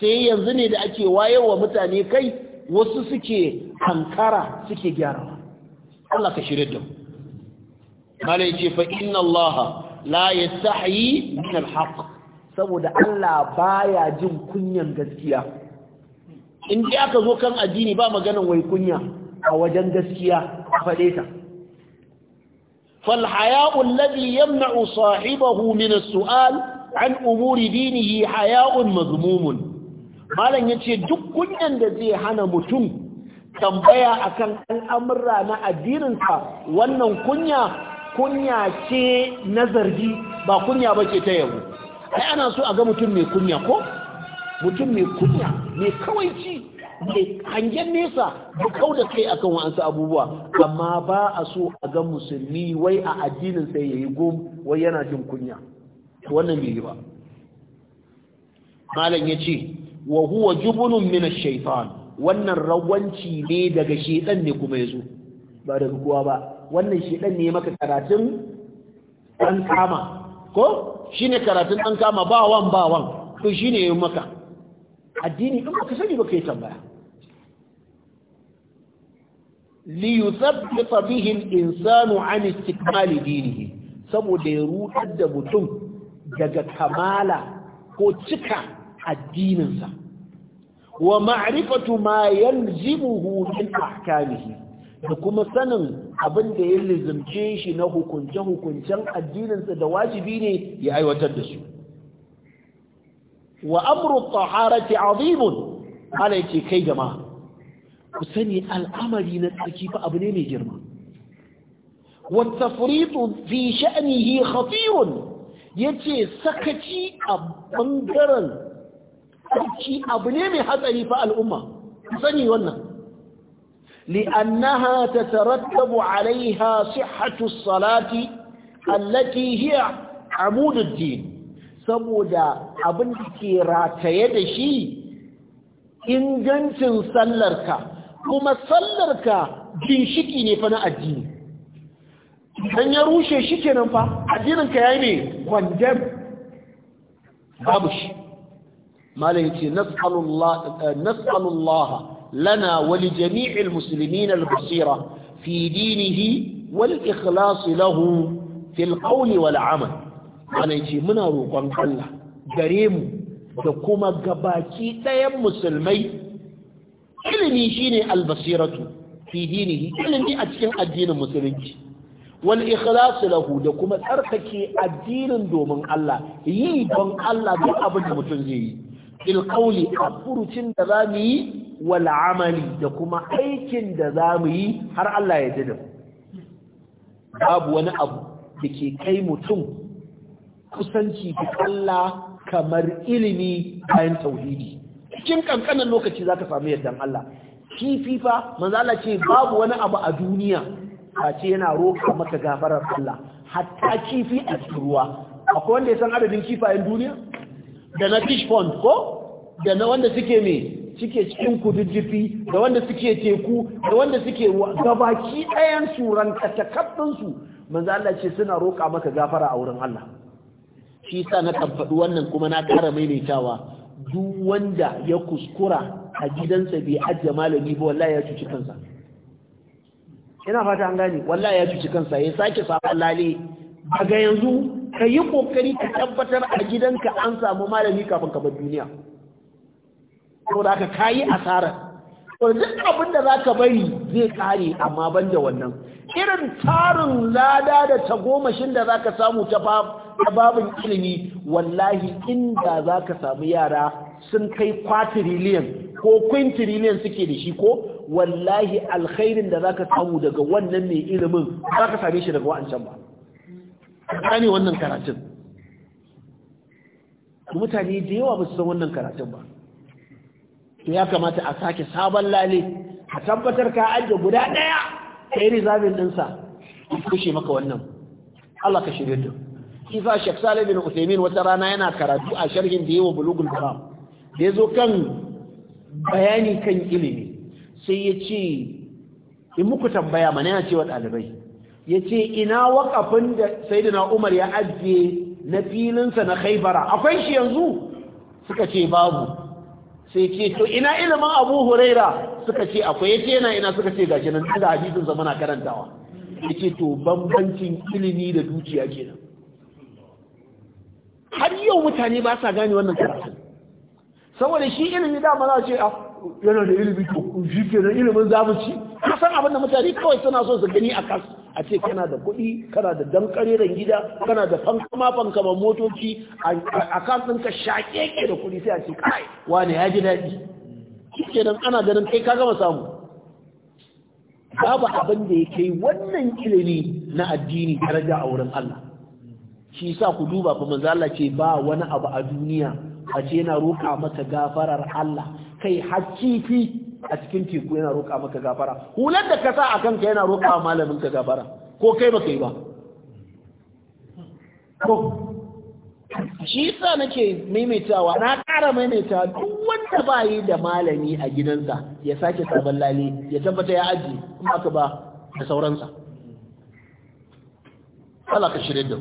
Speaker 1: sai yanzu ne da ake wayewa mutane kai wasu suke hankara suke gyara Allah ka shirye da mu malai ce fa inna Allah la yastahi min al saboda Allah baya jin kunyan gaskiya in dai aka zo kan addini ba maganan wai kunya a wajen gaskiya a fade ta فالحياء الذي يمنع صاحبه من السؤال عن أمور دينه حياء مذموم malam yace duk kunyar da zai hana mutum tambaya akan al'amura na addininsa wannan kunya kunya ce na zargi ba kunya bace ta yabo ai ana so a ga mutum mai kunya ko mutum mai kunya mai kawaici mai hangen nesa da kau da kai akan wa'ansu abubuwa amma ba a so a ga musulmi wai a addinin sai yayi gom wai yana jin kunya wannan bai yi ba malam yace wa huwa jubunun min ash-shaytan wannan rawanci ne daga shedan ne kuma yazo ba daga kowa ba wannan shedan ne maka karatun dan kama ko shine karatun dan kama ba wan ba wan to shine yayin maka addini ba ka sani baka yi tambaya liyuthabbita bihi al-insanu an istikmali dinihi saboda ya rudar da mutum daga kamala ko cika addininsa wa ma'rifatu ma yalzimuhu min ahkamihi da kuma sanin abin da ya lizimce shi na hukunce-hukuncen addininsa da wajibi ne ya aiwatar da su wa amru taharati azimun ala yake kai jama'a ku sani al'amari na tsarki abu ne mai girma wattafritu fi sha'nihi khatirun yace sakaci a ɓangaren tsarki abu ne mai hatsari fa al'umma ku sani wannan لأنها تترتب عليها صحة salati التي هي a الدين saboda abin da ke rataye da shi ingancin sallarka kuma sallarka ginshiki ne fa na addini dan ya rushe shi kenan fa addininka yayi ne kwandam babu shi malai yace nas'alullah eh, lana wa li jami'il muslimin al-basira fi dinihi wal ikhlas lahu fil qawli wal amal malai yace muna roƙon Allah gare mu da kuma gabaki ɗayan musulmai ilimi shine albasiratu fi dinihi ilimi a cikin addinin musulunci
Speaker 2: wal ikhlasu lahu
Speaker 1: da kuma tsarkake addinin domin Allah yi don Allah duk abin da mutum zai yi il qawli a furucin da mu yi wal amali da kuma aikin da mu yi har Allah ya dade babu wani abu da ke kai mutum kusanci ga Allah kamar ilimi bayan tauhidi cikin ƙanƙanan lokaci za ka samu yardan Allah kifi fa ce babu wani abu a duniya Kace yana roƙa maka gafarar Allah hatta kifi a cikin ruwa akwai wanda ya san adadin kifayen duniya da na fish pond ko da na wanda suke me suke cikin kududdufi da wanda suke teku da wanda suke gabaki ɗayan suran katakabbin su ce suna roƙa maka gafara a wurin Allah shi sa na tabbaɗu wannan kuma na ƙara maimaitawa duk wanda ya kuskura a gidansa bai ajiye malami ba wallahi ya cuci kansa ina fata an gani. wallahi ya cuci kansa ya sake sabon lalle daga yanzu ka yi kokari ka tabbatar a gidanka an samu malami kafin ka bar duniya Da ka kayi asara to duk abin da zaka bari zai kare amma banda wannan irin tarin lada da tagomashin da za ka samu ta babin ilimi wallahi inda za ka samu yara sun kai kwatiriliyan ko kwintiriliyan suke da shi ko wallahi alkhairin da za ka samu daga wannan mai ilimin za ka same shi daga wa'ancan ba gane wannan karatun mutane da yawa ba su san wannan karatun ba to ya kamata a sake sabon lale a tabbatar ka ajiye guda ɗaya kai rizabin ɗinsa kushe maka wannan Allah ka shirye da isa shek salih bin usaimin wata rana yana karatu a sharhin da yawa bulugul haram da ya zo kan bayani kan ilimi sai ya ce in muku tambaya mana yana cewa ɗalibai ya ce ina wakafin da sayyidina umar ya ajiye na filinsa na khaibara akwai shi yanzu suka ce babu sai ce to ina ilimin abu huraira suka ce akwai ya ce yana ina suka ce gashi nan da hadisin zama muna karantawa ya ce to bambancin ilimi da dukiya kenan har yau mutane ba sa gane wannan karatu saboda shi ilimi da maza ce ah, yana da ilimi to shi nan ilimin zamuci kasan abin da mutane kawai suna so su gani a kasu a ce kana da kuɗi kana da dankareren gida kana da fankama fankama motoci a kan ɗinka shaƙeƙe da kuɗi sai a ce kai wane ya ji daɗi shi nan ana ganin kai ka gama samu babu abin da ya kai wannan ilimi na addini daraja a wurin Allah shi sa ku duba fa manzo Allah ce ba wani abu a duniya a ce yana roƙa mata gafarar Allah kai har a cikin teku yana roƙa maka gafara hular da ka sa a kanka yana roƙa wa malamin ka gafara ko kai ba yi ba Ko shi yasa nake maimaitawa na ƙara maimaita duk wanda ba yi da malami a gidansa ya sake sabon lale ya tabbata ya aji in aka ba da sauransa Allah ka shirin da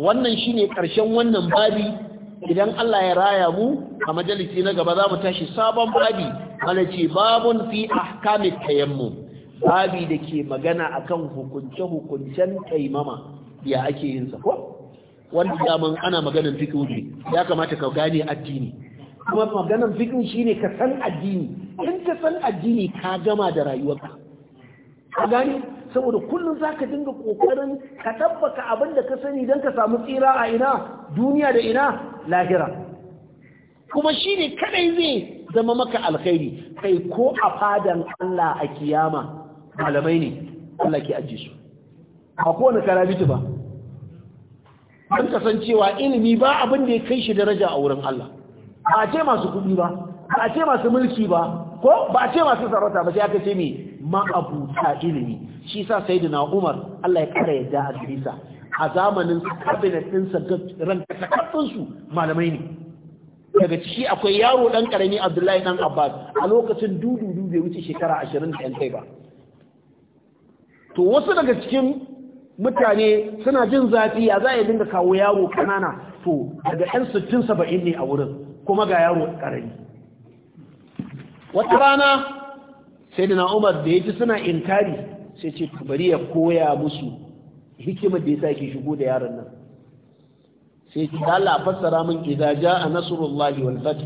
Speaker 1: wannan shine karshen wannan babi idan Allah ya raya mu a majalisi na gaba za mu tashi sabon babi mana ce babun fi ahkamit tayammum babi da ke magana a kan hukunce-hukuncen taimama ya ake yin sa ko wanda daman ana maganan fikin ne ya kamata ka gane addini kuma maganan shi ne ka san addini in ka san addini ka gama da rayuwarka ka gane saboda kullum za ka dinga ƙoƙarin ka tabbaka abin da ka sani don ka samu tsira a ina duniya da ina lahira kuma shi ne kadai zai zama maka alkhairi kai ko a fadan Allah a kiyama malamai ne Allah ke ajiye su a kowane karabitu ba don kasancewa ilimi ba abin da ya kai shi daraja a wurin Allah ba a ce masu kuɗi ba ba a ce masu mulki ba ko ba a ce masu sarauta ba sai aka ce mai ma'abuta ilimi shi sa sayyidina Umar Allah ya kara yadda a jirisa a zamanin cabinet din sa ran takaddun su malamai ne daga ciki akwai yaro ɗan karami Abdullahi dan Abbas a lokacin dudu bai wuce shekara 20 da ba to wasu daga cikin mutane suna jin zafi ya za a dinga kawo yaro kanana to daga yan 60 70 ne a wurin kuma ga yaro karami wata rana sai da umar da ya ji suna inkari sai ce bari ya koya musu hikimar da ya sa ke shigo da yaron nan sai ce Allah fassara min idza jaa nasrullahi wal fath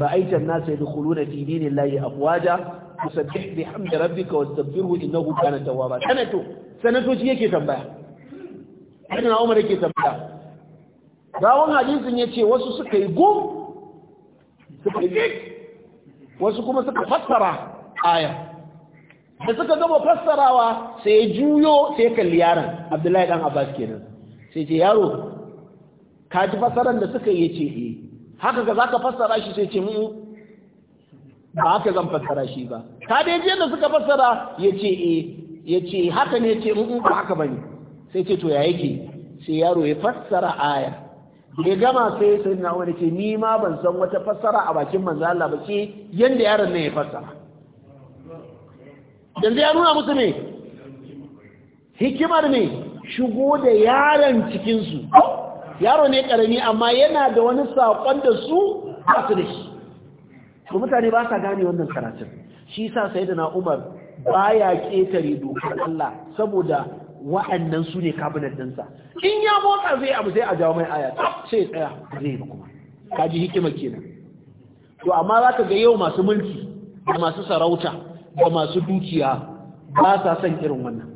Speaker 1: ra'aita an-nasa yadkhuluna fi dinillahi afwaja fasabbih bihamdi rabbika wastaghfirhu innahu kana tawwaba sanato sanato shi yake tambaya Sayyidina Umar yake tambaya Bawon hadisin ya ce wasu suka yi gum, suka yi wasu kuma suka fassara aya. da suka gama fassarawa sai juyo sai kalli yaron abdullahi dan abbas kenan sai ce yaro ka ji fassaran da suka yi ce eh haka ga zaka fassara shi sai ce mu ba haka zan fassara shi ba ka dai ji da suka fassara yace eh yace haka ne ce mu ba haka bane sai ce to ya yake sai yaro ya fassara aya ya gama sai sai na wani ce ni ma ban san wata fassara a bakin manzo Allah ba ce yanda yaron ne ya fassara yanzu ya nuna musu ne hikimar ne shigo da yaron cikinsu yaro ne karami amma yana da wani saƙon da su ba su da shi mutane ba sa gane wannan karatun shi sa sai da na umar ya ƙetare dokar Allah saboda wa'annan su ne kabinan ɗinsa in ya motsa zai abu sai a jawo mai aya sai tsaya zai kuma kaji hikimar kenan to amma za ka ga yau masu mulki da masu sarauta da masu dukiya ba sa son irin wannan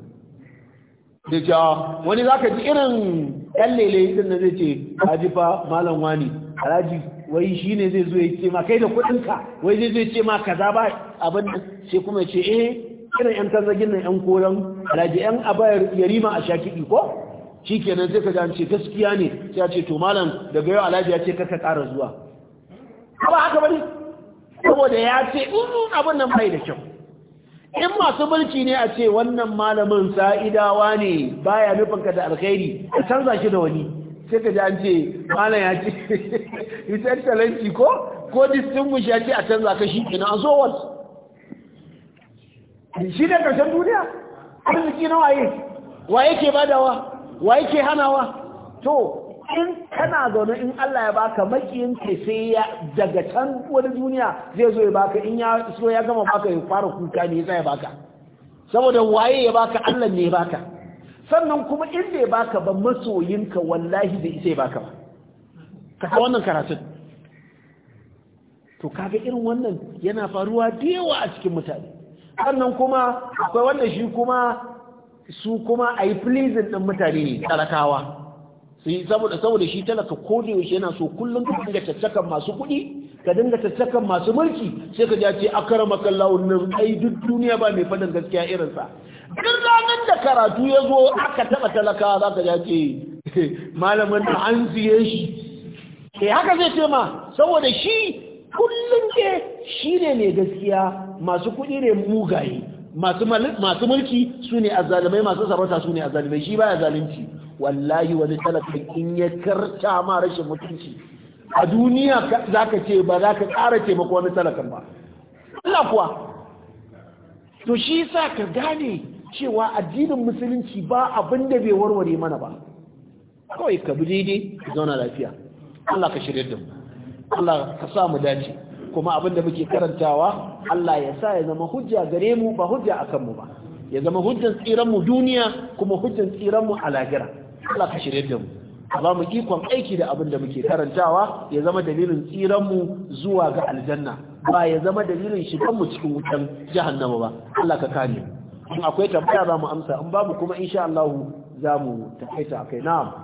Speaker 1: da ce ah, wani za ka ji irin ɗan lele din na zai ce haji fa malam wani alhaji wai shi ne zai zo ya ce ma kai da kuɗinka wai zai zai ce ma kaza ba abin da sai kuma ce eh irin yan tazagin na yan koren alhaji yan abayar yarima a shakiɗi ko shi kenan zai ka ce gaskiya ne sai ce to malam daga yau alhaji ya ce kaka ƙara zuwa ba haka bari saboda ya ce mm, mm, abin nan bai da kyau in masu mulki ne a ce wannan malamin sa'idawa ne baya nufin ka da alkhairi a canza shi da wani sai ka ji an ce malam ya ce his excellency ko ko distinguish ya ce a canza ka shi ina so what shi ne karshen duniya arziki na waye wa yake badawa wa yake hanawa to in kana zaune in Allah ya baka makiyin ke sai ya daga can wani duniya zai zo ya baka in ya so ya gama baka ya fara kuka ne zai baka saboda waye ya baka Allah ne ya baka sannan kuma in bai baka ba masoyinka wallahi isa ya baka ba ka wannan karatun to kaga irin wannan yana faruwa da yawa a cikin mutane sannan kuma akwai wanda shi kuma su kuma a yi pleasing din mutane ne talakawa sai saboda saboda shi talaka ko da yaushe yana so kullum ka dinga tattakan masu kuɗi ka dinga tattakan masu mulki sai ka ja ce akrama kallahu nan ai duk duniya ba mai fadan gaskiya irin sa duk ranar da karatu ya zo aka taba talaka za ka ja ce malamin da an ziye shi E haka zai ce ma saboda shi kullum ke shi ne mai gaskiya masu kuɗi ne mugaye masu mulki su ne azzalumai masu sarauta su ne azzalumai shi baya zalunci wallahi wani talakin in ya karta ma rashin mutunci a duniya za ka ce ba za ka ƙara taimako wani talakan ba Allah kuwa to shi sa ka gane cewa addinin musulunci ba abin da bai warware mana ba kawai ka bi daidai ka zauna lafiya Allah ka shirya da mu Allah ka sa mu dace kuma abin da muke karantawa Allah ya sa ya zama hujja gare mu ba hujja akan mu ba ya zama hujjan tsiran mu duniya kuma hujjan tsiran mu a lahira Allah ka shirye da mu ba mu ikon aiki da abin da muke karantawa ya zama dalilin mu zuwa ga aljanna ba ya zama dalilin mu cikin wutan jahannama ba Allah ka kare in akwai tambaya za mu amsa in babu kuma insha Allah za mu tafaita akai na'am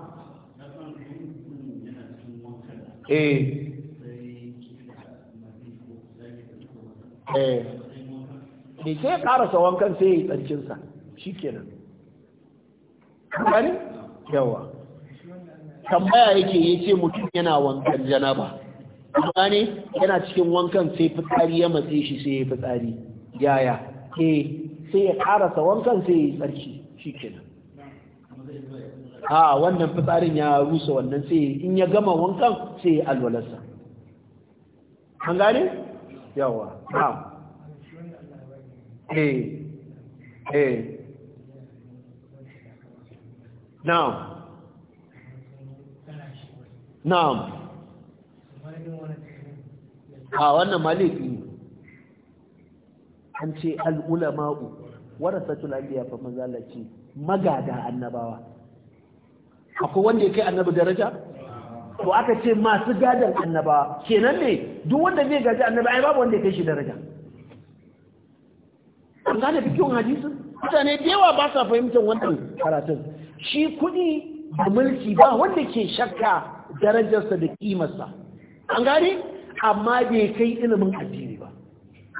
Speaker 1: eh eh ne sai ya karasa wankan sai ya yi tsarkinsa shi kenan yawa tambaya yake ce mutum yana wankan janaba amma ne yana cikin wankan sai fitsari ya matse shi sai ya fitsari yaya ke eh, sai ya karasa wankan sai ya tsarki shikenan a ah, wannan fitsarin ya rusa wannan sai in ya gama wankan sai ya alwalarsa an gane yawa ha eh eh na'am na'am a wannan maliki ne an ce al'ulama'u warasatul anbiya fa manzala ce magada annabawa akwai wanda ya kai annabi daraja to aka ce masu gadan annabawa kenan ne duk wanda zai gaji annabi ai babu wanda ya kai shi daraja an gane bikin hadisi mutane da yawa ba sa fahimtar wannan karatun shi kuɗi da mulki ba wanda ke shakka darajarsa da ƙimarsa an gane amma bai kai ilimin addini ba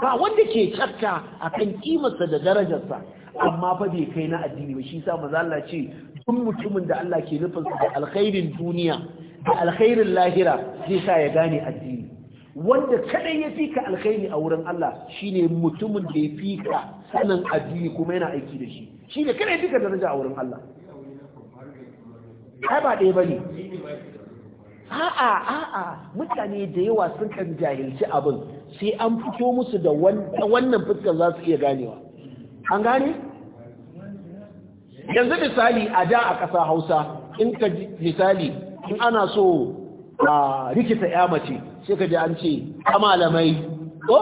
Speaker 1: ba wanda ke shakka akan ƙimarsa da darajarsa amma fa bai kai na addini ba shi sa maza ce duk mutumin da Allah ke nufin da alkhairin duniya da alkhairin lahira zai sa ya gane addini wanda kadai ya fika alkhairi a wurin Allah shine mutumin da ya fika sanin addini kuma yana aiki da shi shi ne ya fika daraja a wurin Allah ai ba ɗaya ba ne? a'a a'a mutane da yawa sun kan jahilci abin sai an fito musu da wannan fuskar za su iya ganewa an gane yanzu misali a da a ƙasa hausa in ka misali in ana so a rikita ya mace sai ka ji an ce a malamai ko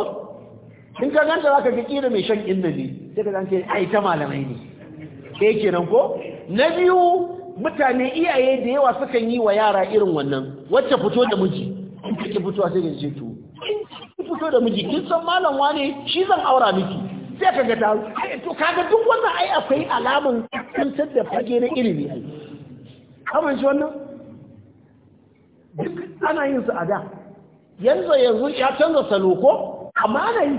Speaker 1: in ka ganta za ka fi ƙira mai shan inna ne sai ka ji ce ai ta malamai ne ke kenan ko na biyu mutane iyaye da yawa sukan yi wa yara irin wannan wacce fito da miji in kike fitowa sai ki ce to in fito da miji kin san malam wane shi zan aura miki sai ga ta eh, to kaga duk wannan ai akwai alamun kuntar da fage na ilimi ai kamar shi wannan duk ana yin su a da yanzu yanzu ya canza salo ko amma ana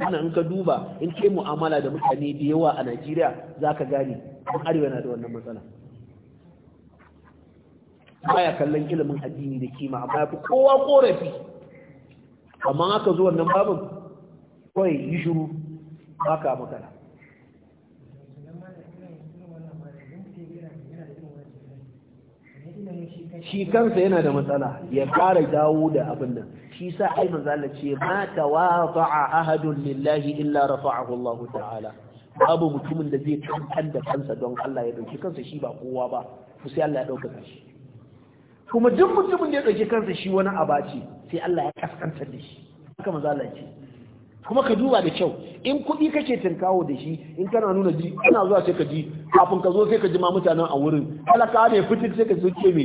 Speaker 1: wannan in ka duba in kai mu'amala da mutane da yawa a Najeriya za ka gane an arewa na da wannan matsala baya kallon ilimin addini da kima amma ya fi kowa korafi amma aka zo wannan babin kawai yi shiru ba ka makara shi kansa yana da matsala ya fara dawo da abin nan shi sa ai manzo Allah ce ma tawada'a ahadun lillahi illa rafa'ahu Allahu ta'ala babu mutumin da zai kankan da kansa don Allah ya dauki kansa shi ba kowa ba to sai Allah ya dauka shi kuma duk mutumin da ya dauki kansa shi wani abaci sai Allah ya kaskantar da shi haka manzo Allah ce kuma ka duba da kyau in kuɗi kake tinkawo da shi in kana nuna ji ana zuwa sai ka ji kafin ka zo sai ka ji ma mutanen a wurin talaka ne fitin sai ka zo ke me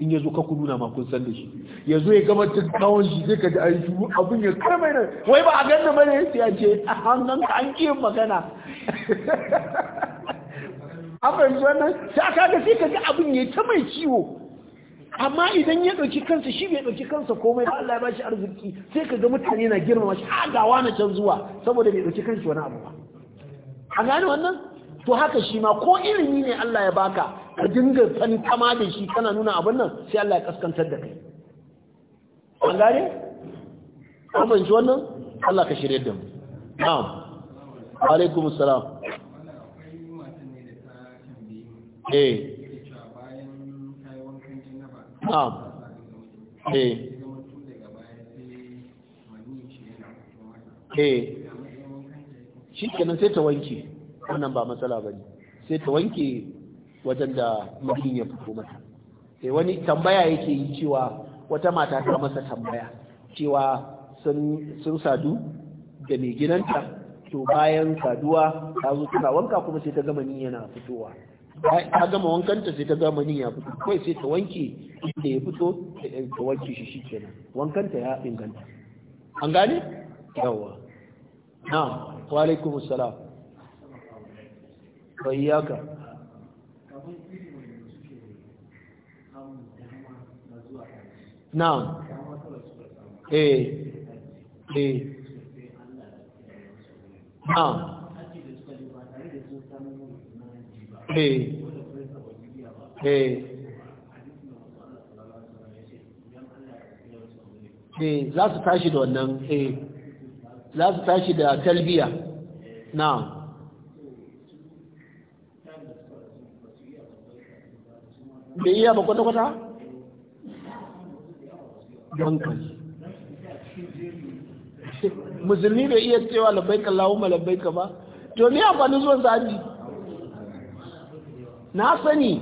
Speaker 1: in ya zo ka kuduna ma kun san da shi yazo ya gama tinkawon shi sai ka ji a yi abin ya karmai nan wai ba a ganna ba ne sai a ce a ah, hannun ka an ƙi magana a fahimci wannan sai aka ga sai ka ji abin ya ta mai ciwo amma idan ya ɗauki kansa shi bai ɗauki kansa komai ba Allah ya bashi arziki sai ka ga mutane na girmama shi a ga wani can zuwa saboda bai ɗauki kansa wani abu ba a gane wannan to haka shi ma ko ilimi ne Allah ya baka ka dinga tantama da shi kana nuna abin nan sai Allah ya kaskantar da kai an gane an fahimci wannan Allah ka shirye da mu na'am alaikum salam eh na'am eh, eh. shi kenan sai ta wanke wannan ba matsala ba ne sai ta wanke wajen da mutum ya fito mata sai eh, wani tambaya yake yi cewa wata mata ta masa tambaya cewa sun sadu da mai gidanta to bayan saduwa ta zo tana wanka kuma sai ta gama ni yana fitowa ta gama wankanta sai ta gama ni ya fito kawai sai ta wanke inda ya fito ta wanke shi shi kenan wankanta ya inganta an gane yawa na wa alaikum assalam wa iyyaka na'am eh eh na'am eh za su tashi da wannan za su tashi da talbiya
Speaker 2: bai iya ba kwata-kwata?
Speaker 1: hankali musulmi bai iya cewa ba to amfanin zuwan sa na sani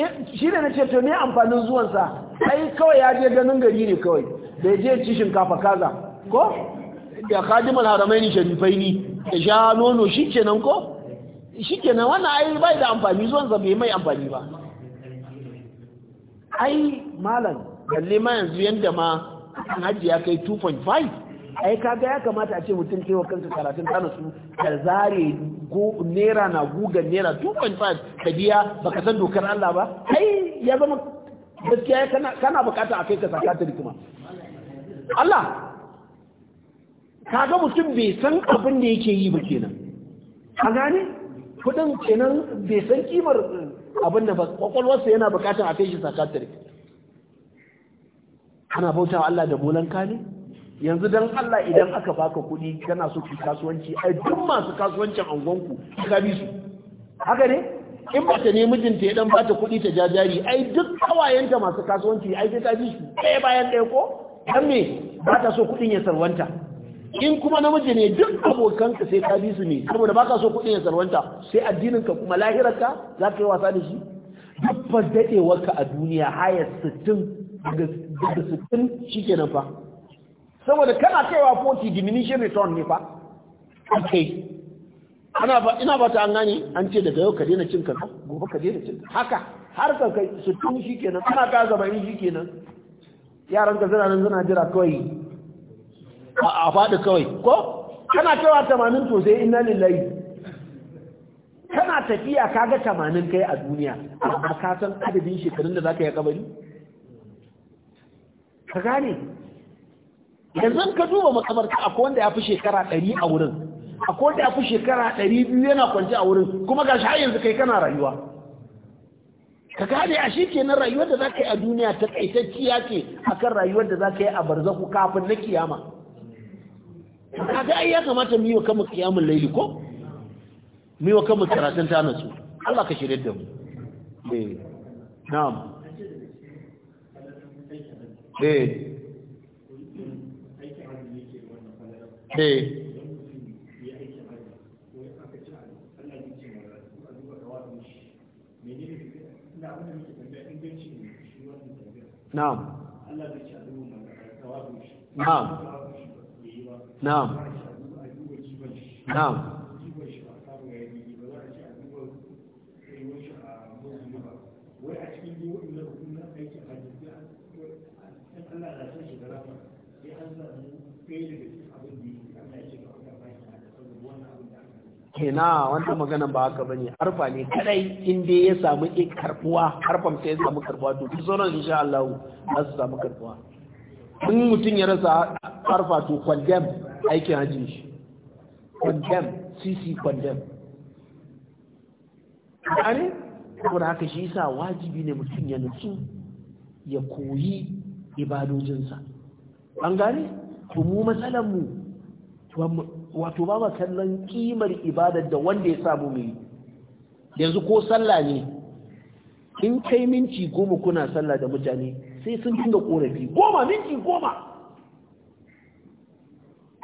Speaker 1: eh, shi ne na ce to me amfanin zuwansa ai kawai ya je ganin gari ne kawai Bai je ci shinkafa kaza ko da khadimul Sharifai sharifaini Ya sha nono shikenan ko shikenan wannan ai bai da amfani zuwansa bai mai amfani ba ai malam balle ma yanzu yanda ma an hajji ya kai 2.5 ai kaga ya kamata a ce mutum kai wa kansa karatun tana su da zare naira na gugan naira 2.5 ka biya baka san dokar Allah ba ai ya zama gaskiya kana kana bukata a kai ka saka ta kuma Allah kaga mutum bai san abin da yake yi ba kenan a gane kudin kenan bai san kimar eh, abin da ba kwakwalwarsa yana bukata a kai shi saka ta ana bautawa Allah da bolan kane yanzu don Allah idan aka baka kuɗi kana so ki kasuwanci ai duk masu kasuwancin angonku ka bi su haka ne in ba ta ne mijinta ya dan bata kuɗi ta jajari ai duk kawayenta masu kasuwanci ai sai ta bi su ɗaya bayan ɗaya ko dan me ba ta so kuɗin ya sarwanta in kuma namiji ne duk abokanka sai ka bi su ne saboda baka so kuɗin ya sarwanta sai addinin ka kuma lahirarka za ka yi wasa da shi duk daɗewarka a duniya hayar sittin daga sittin nan fa saboda kana cewa 40 diminishing return ne fa okay ana ba ina ba ta an gani? an ce daga yau ka daina cin kaza gobe ka daina cin haka har ka kai su tun shikenan kana ka zaba in shikenan yaran ka zana nan zana jira kawai a faɗi kawai ko kana cewa 80 to sai inna lillahi kana tafiya kaga 80 kai a duniya amma ka san adadin shekarun da zaka yi kabari ka gane yanzu ka duba makabarta akwai wanda ya fi shekara ɗari a wurin akwai wanda ya fi shekara ɗari biyu yana kwanci a wurin kuma ga shi yanzu kai kana rayuwa ka gane a shi kenan rayuwar da za ka yi a duniya ta kaitacciya ce akan rayuwar da za ka yi a barzaku kafin na kiyama kaga ai ya kamata mu yi wa kanmu kiyamun laili ko mu yi wa kanmu karatun ta nasu Allah ka shirye da mu eh na'am eh eh na'am na'am na'am kena wannan magana ba haka bane harfa ne kadai in dai ya samu karbuwa harfan sai ya samu karbuwa to duk zauna insha Allah za su samu karbuwa in mutum ya rasa harfa to kwandem aikin hajji shi kwandem cc kwandem ne saboda haka shi yasa wajibi ne mutum ya nutsu ya koyi ibadojinsa an gane to mu matsalar mu wato ba ma kallon kimar ibadar da wanda ya samu mai yanzu ko sallah ne in kai minti goma kuna sallah da mutane sai sun dinga korafi goma minti goma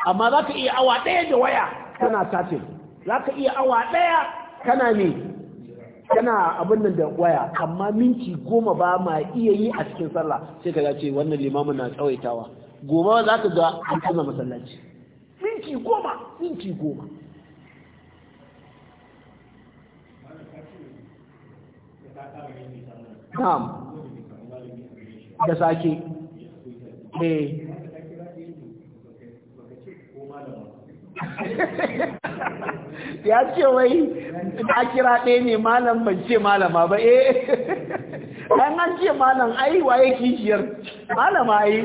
Speaker 1: amma za ka iya awa ɗaya da waya kana tafin za ka iya awa ɗaya kana ne kana abin nan da waya amma minti goma ba ma iya yi a cikin sallah sai ka ce wannan limamin na tsawaitawa gobe za ka ga an masallaci goma minti goma na'am da sake eh ya ce wai da kira ɗaya ne malam ban ce malama ba eh an an ce malam ai waye kishiyar malama ai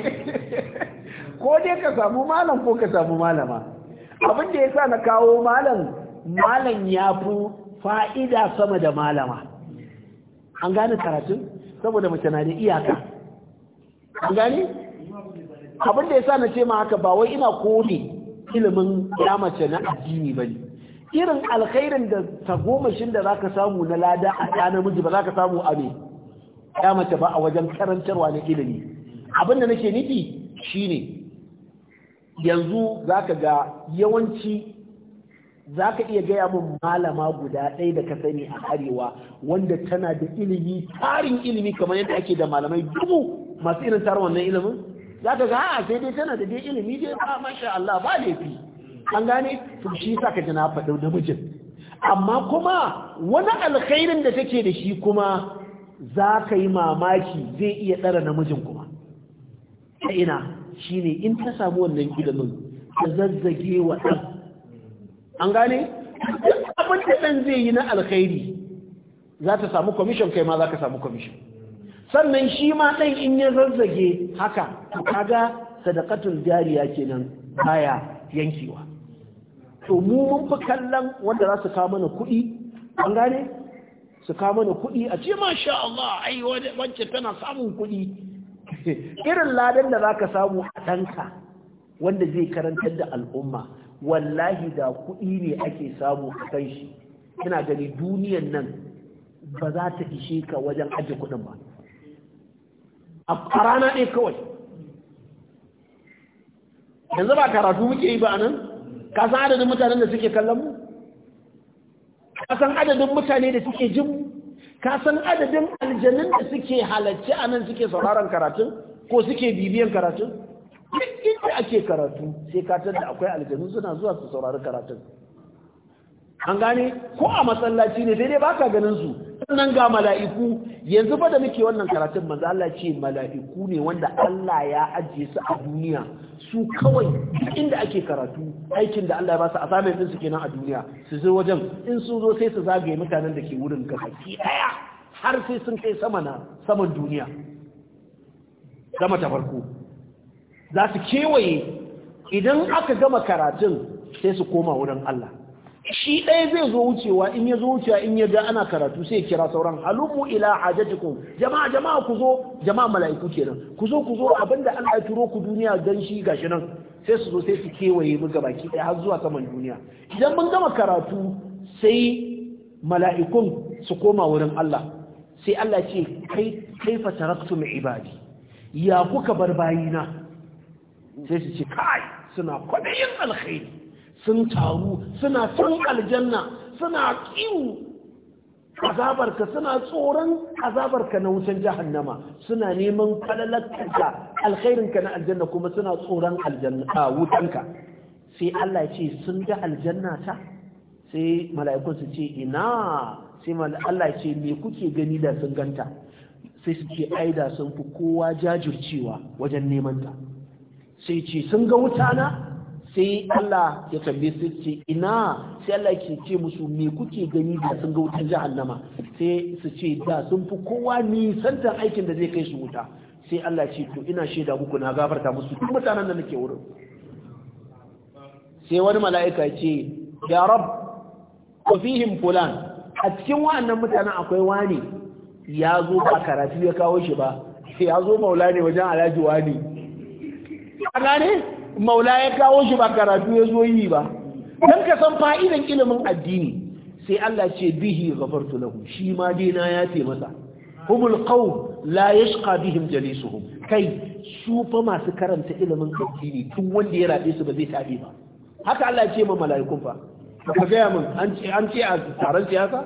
Speaker 1: ko dai ka samu malam ko ka samu malama abin da yasa na kawo malam malam ya fi fa'ida sama da malama an gane karatun saboda mace na da iyaka an gane abin da yasa na ce ma haka ba wai ina kone ilimin ya mace na addini ne. irin alkhairin da tagomashin da za ka samu na lada a ɗanar namiji ba za ka samu a ne ya mace ba a wajen karantarwa na ilimi abin da nake nufi shine yanzu za ka ga yawanci za ka iya gaya min malama guda ɗaya da ka sani a arewa wanda tana da ilimi tarin ilimi kamar yadda ake da malamai dubu masu irin tarin wannan ilimin za ka ga a sai dai tana da dai ilimi dai ba masha Allah ba laifi an gane to shi sa ka ji na faɗa namijin amma kuma wani alkhairin da take da shi kuma za ka yi mamaki zai iya ɗara namijin kuma ta ina shine in ta samu wannan ilimin ta zazzage wa ɗan an gane abin da ɗan zai yi na alkhairi za ta samu kwamishin kai ma za ka samu kwamishin sannan shi ma ɗan in ya zazzage haka ta kaga sadakatun jariya kenan baya yankewa to mu mun fi kallon wanda za su kawo mana kuɗi an gane su kawo mana kuɗi a ce masha Allah ai wacce tana samun kuɗi irin ladan da za ka samu a ɗanka wanda zai karantar da al'umma wallahi da kuɗi ne ake samu a kan shi yana gani duniyan nan ba za ta ishe ka wajen ajiye kuɗin ba a rana ɗaya kawai yanzu ba karatu muke yi ba nan ka san adadin mutanen da suke kallon mu ka san adadin mutane da suke jin ka san adadin aljanun da suke halarci a nan suke sauraron karatun ko suke bibiyan karatun duk inda ake karatu sai ka da akwai aljanu suna zuwa su saurari karatun an gane ko a masallaci ne daidai ba ka ganin su sannan ga mala'iku yanzu fa da muke wannan karatun manzo Allah ce mala'iku ne wanda Allah ya ajiye su a duniya su kawai inda ake karatu aikin da Allah ya ba su assignment din su kenan a duniya su zo wajen in su zo sai su zagaye mutanen da ke wurin gabaki ɗaya har sai sun kai sama na saman duniya gama ta farko za su kewaye idan aka gama karatun sai su koma wurin Allah shi ɗaya zai zo wucewa in ya zo wucewa in ya ga ana karatu sai kira sauran halumu ila hajatikum jama'a jama'a ku zo jama'a mala'iku kenan ku zo ku zo abinda an ya turo ku duniya dan shi gashi nan sai su zo sai su kewaye mu ga baki ɗaya har zuwa saman duniya idan mun gama karatu sai mala'ikun su koma wurin Allah sai Allah ce kai taraktu taraktum ibadi ya kuka bar bayina sai su ce kai suna yin alkhairi sun taru suna son aljanna suna kiwu azabarka suna tsoron azabarka na wutan jahannama suna neman falalarka alkhairinka na aljanna kuma suna tsoron aljanna wutanka sai Allah ce sun ga aljanna ta sai mala'ikun su ce ina sai Allah ce me kuke gani da sun ganta sai su ce aida sun fi kowa jajircewa wajen neman ta sai ce sun ga wutana sai Allah ya tambaye su ce ina sai Allah ke ce musu me kuke gani da sun ga wutar jahannama sai su ce da sun fi kowa nisantar aikin da zai kai su wuta sai Allah ce to ina shaida muku na gafarta musu duk mutanen da nake wurin sai wani mala'ika ce ya rab ku fihim fulan a cikin wa'annan mutanen akwai wani ya zo ba karatu ya kawo shi ba Sai ya zo maula ne wajen alhaji wani maula ya kawo shi ba karatu ya zo yi ba dan ka san fa'idan ilimin addini sai Allah ce bihi ghafartu lahu shi ma dai na ya ce masa humul qawm la yashqa bihim jalisuhum kai su fa masu karanta ilimin addini tun wanda ya rabe su ba zai tabe ba haka Allah ya ce ma mala'ikun fa ka gaya min an ce a taron siyasa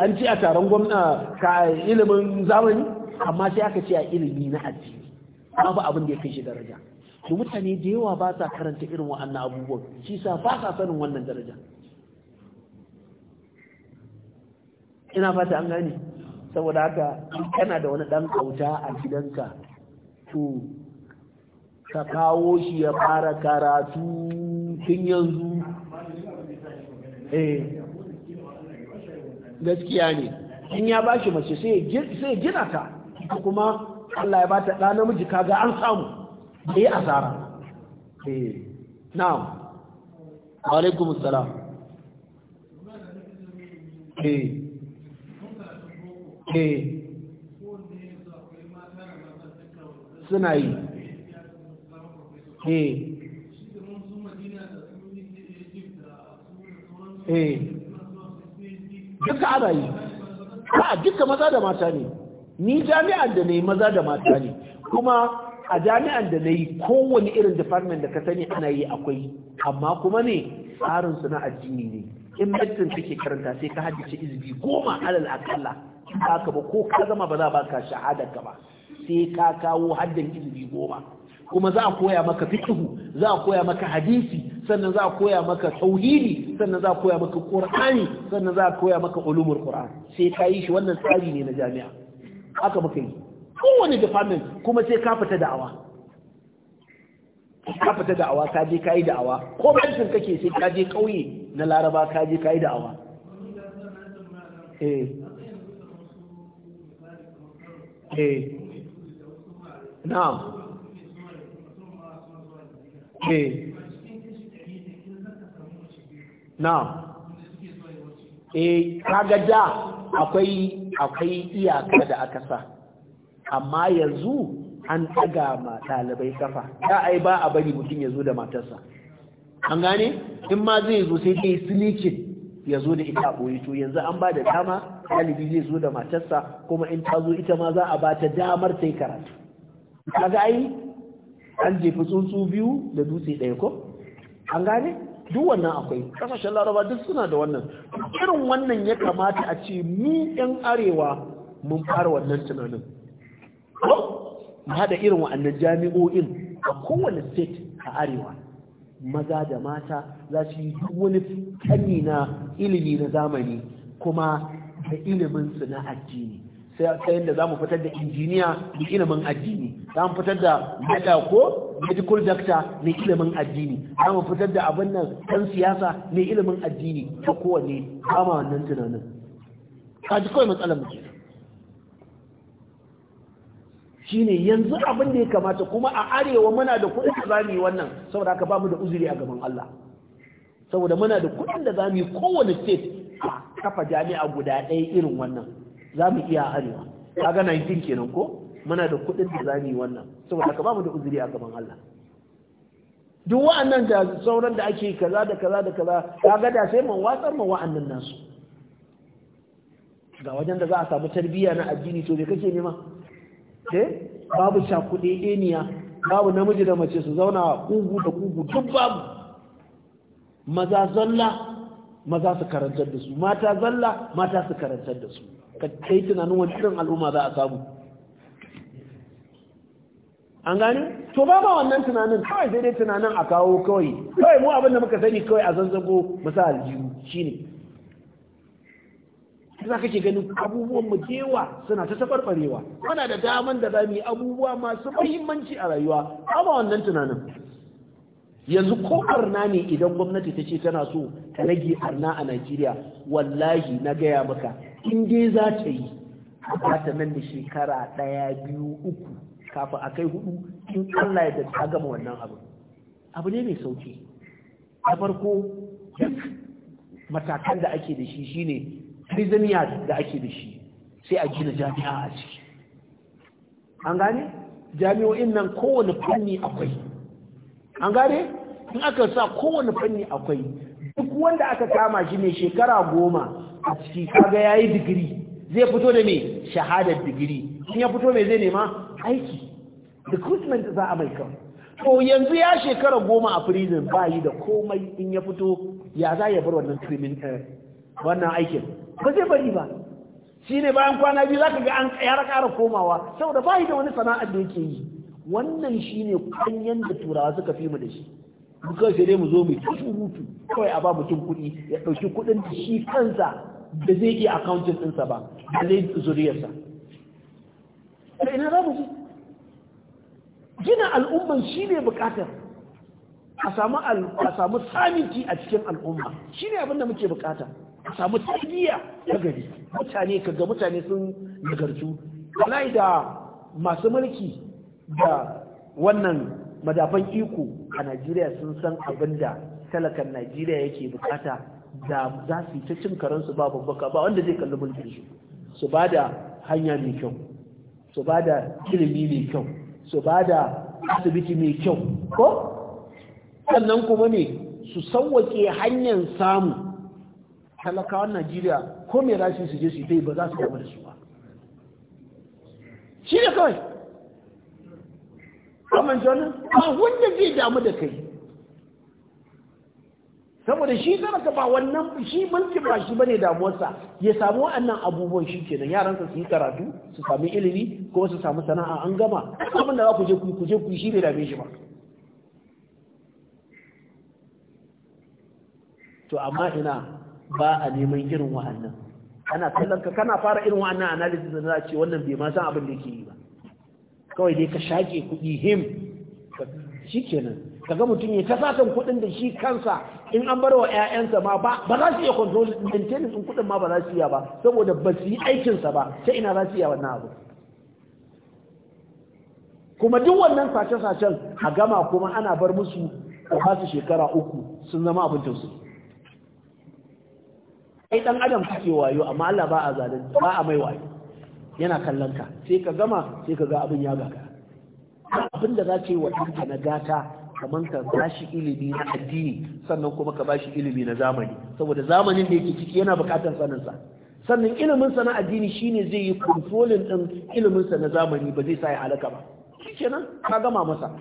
Speaker 1: an ce a taron gwamna ka ilimin zamani amma sai aka ce a ilimi na addini babu abin da ya kai shi daraja to mutane da yawa ba sa karanta irin wa'annan abubuwan shi sa ba sa sanin wannan daraja ina fata an gani saboda haka kana da wani dan kauta a gidanka to ka kawo shi ya fara karatu tun yanzu eh gaskiya ne in ya ba shi mace sai ya gina ta kuma Allah ya bata ɗa namiji kaga an samu da yi asara eh, na'am alaikum salam eh eh suna yi eh, eh. duka ana yi a duka maza da mata ne ni jami'an da ne maza da mata ne kuma a jami'an da na yi kowane irin department da ka sani ana yi akwai amma kuma ne tsarin na addini ne in mutum take karanta sai ka haddace izini, goma alal akalla ba ba ko ka zama ba za ba ka shahada ka ba sai ka kawo haddan izini goma kuma za a koya maka fiqh za a koya maka hadisi sannan za a koya maka tauhidi sannan za a koya maka qur'ani sannan za a koya maka ulumul qur'an sai ka yi shi wannan tsari ne na jami'a haka muke yi kowane department kuma sai ka fita da'awa ka fita da'awa ka je ka yi da'awa ko bankin kake sai ka je ƙauye na laraba ka je ka yi da'awa eh eh na'am eh na'am eh kaga da akwai akwai iyaka da aka sa amma yanzu an ɗaga ma ɗalibai kafa da ai ba a bari mutum ya zo da matarsa an gane in ma zai zo sai dai silikin ya zo da ita a to yanzu an ba da dama ɗalibi zai zo da matarsa kuma in ta zo ita ma za a ba ta damar ta yi karatu kaga ai an jefi tsuntsu biyu da dutse ɗaya ko an gane duk wannan akwai kasashen laraba duk suna da wannan irin wannan ya kamata a ce mu yan arewa mun fara wannan tunanin mu haɗa irin wa'annan jami'o'in a kowane state a arewa maza da mata za su yi wani fanni na ilimi na zamani kuma da ilimin na addini sai ta yadda za mu fitar da injiniya da ilimin addini za mu fitar da mada ko medical doctor na ilimin addini za mu fitar da abin nan ɗan siyasa na ilimin addini ta kowane kama wannan tunanin kaji kawai matsalar mutum shine yanzu abin da ya kamata kuma a arewa muna da kuɗin da zamu yi wannan saboda aka bamu da uzuri a gaban Allah saboda muna da kuɗin da zamu yi kowane state a kafa jami'a guda ɗaya irin wannan zamu iya arewa kaga 19 kenan ko muna da kuɗin da zamu yi wannan saboda aka bamu da uzuri a gaban Allah duk wa'annan da sauran da ake kaza da kaza da kaza kaga da sai mun watsar mu wa'annan nasu ga wajen da za a samu tarbiyya na addini to me kake nema eh babu shakudi eniya babu namiji da mace su zauna kugu da kugu duk babu maza zalla maza su karantar da su mata zalla mata su karantar da su ka kai tunanin wani irin al'umma za a samu an gani? to ba ma wannan tunanin kawai sai dai tunanin a kawo kawai kawai mu abin da muka sani kawai a zanzago masa aljihu shine za ka ke ganin abubuwan mu dewa suna ta tabarbarewa muna da daman da za mu yi abubuwa masu muhimmanci a rayuwa amma wannan tunanin yanzu ko arna ne idan gwamnati ta ce tana so ta rage arna a Najeriya wallahi na gaya maka in dai za ta yi ba ta nan da shekara ɗaya biyu uku kafin a kai hudu in Allah ya ta gama wannan abu abu ne mai sauki a farko duk matakan da ake da shi shine prisoner da ake da shi sai a gina jami'a a ciki an gane jami'o'in nan kowane fanni akwai an gane in aka sa kowane fanni akwai duk wanda aka kama shi ne shekara goma a ciki kaga yayi digiri zai fito da me shahadar digiri in ya fito mai zai nema aiki recruitment za a mai kawai to yanzu ya shekara goma a prison ba yi da komai in ya fito ya za ya bar wannan eh, wannan aikin ba zai bari ba shi ne bayan kwana biyu zaka ga an ya ƙara komawa saboda ba da wani sana'a da yake yi wannan shi ne kanyen da turawa suka fi mu da shi duka sai dai mu zo mu ta rutu kawai a ba mutum kuɗi ya ɗauki kuɗin shi kansa da zai iya akawuntin ɗinsa ba da zai zuriyarsa da ina za mu ji gina al'umman shi ne buƙatar a samu saminci a cikin al'umma shi ne abin da muke bukata a samu tarbiyya ta gari mutane kaga mutane sun nagartu wallahi da masu mulki da wannan madafan iko a Najeriya sun san abin da talakan Najeriya yake bukata da za su yi ta cin karansu ba babbaka ba wanda zai kalli mulkin su su ba da hanya mai kyau su ba da ilimi mai kyau su ba da asibiti mai kyau ko sannan kuma ne su sauwake hanyar samu talakawan najeriya ko mai rashin su je su yi ba za su damu da su ba shi ne kawai kamar jona ba wanda zai damu da kai saboda shi ka ba wannan shi mulkin ba shi bane damuwarsa ya samu wannan abubuwan shi kenan yaransa su yi karatu su sami ilimi ko su samu sana'a an gama abin da za ku je ku ku je ku shi bai dame shi ba to amma ina ba a neman irin wa'annan ana kallon ka kana fara irin wa'annan analysis da za a ce wannan bai ma san abin da yake yi ba kawai dai ka shaƙe kuɗi him ka ga mutum ya ta kuɗin da shi kansa in an bar wa ƴaƴansa ma ba ba za su iya control maintenance din kuɗin ma ba za su iya ba saboda ba su yi aikin ba sai ina za su iya wannan abu kuma duk wannan sace-sacen a gama kuma ana bar musu a shekara uku sun zama abin tausayi ai dan adam kake wayo amma Allah ba a zalunci ba a mai wayo yana kallon ka sai ka gama sai ka ga abin ya gaga abin da za yi wa ɗanka na gata kamar ka ba shi ilimi na addini sannan kuma ka ba shi ilimi na zamani saboda zamanin da yake ciki yana bukatar saninsa sannan ilimin sa na addini shine zai yi controlling din ilimin sa na zamani ba zai sa ya halaka ba kenan ka gama masa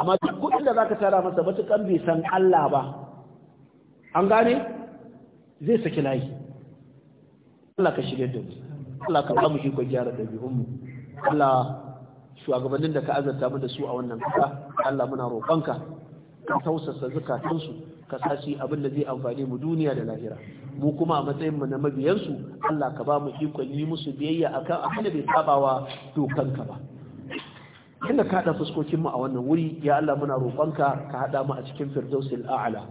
Speaker 1: amma duk kuɗin da zaka tara masa ba kan bai san Allah ba an gane zai saki layi Allah ka shirya da mu Allah ka ba mu shi gyara ɗabi'un mu Allah shugabannin da ka azarta mu da su a wannan kasa Allah muna roƙonka ka tausasa zukatunsu ka sashi abin da zai amfani mu duniya da lahira mu kuma a matsayin mu na mabiyansu Allah ka ba mu ikon yi musu biyayya akan abin da bai sabawa dokanka ba inda ka haɗa fuskokin mu a wannan wuri ya Allah muna roƙonka ka haɗa mu a cikin firdausil a'la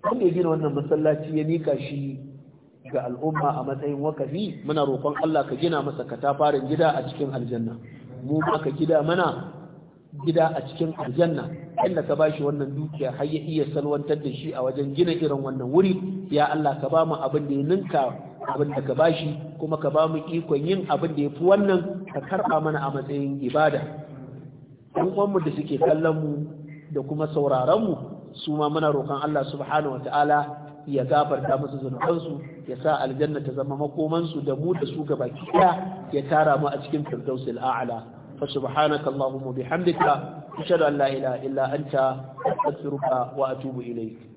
Speaker 1: kun ya gina wannan masallaci ya nika shi ga al'umma a matsayin wakafi muna roƙon Allah ka gina masa katafarin gida a cikin aljanna mu ma ka gida mana gida a cikin aljanna inda ka bashi wannan dukiya har ya iya salwantar da shi a wajen gina irin wannan wuri ya Allah ka ba mu abin da ya ninka abin da ka bashi kuma ka ba mu ikon yin abin da ya fi wannan ka karɓa mana a matsayin ibada ɗan uwanmu da suke kallon mu da kuma sauraron mu su ma muna roƙon Allah subhanahu wataala ya gafarta musu zunubansu ya sa aljanna ta zama makomansu da mu da su baki kiya ya tara mu a cikin firdausil a'la fa subhanaka allahumma bihamdika ashhadu an la ilaha illa anta astaghfiruka wa atubu ilayk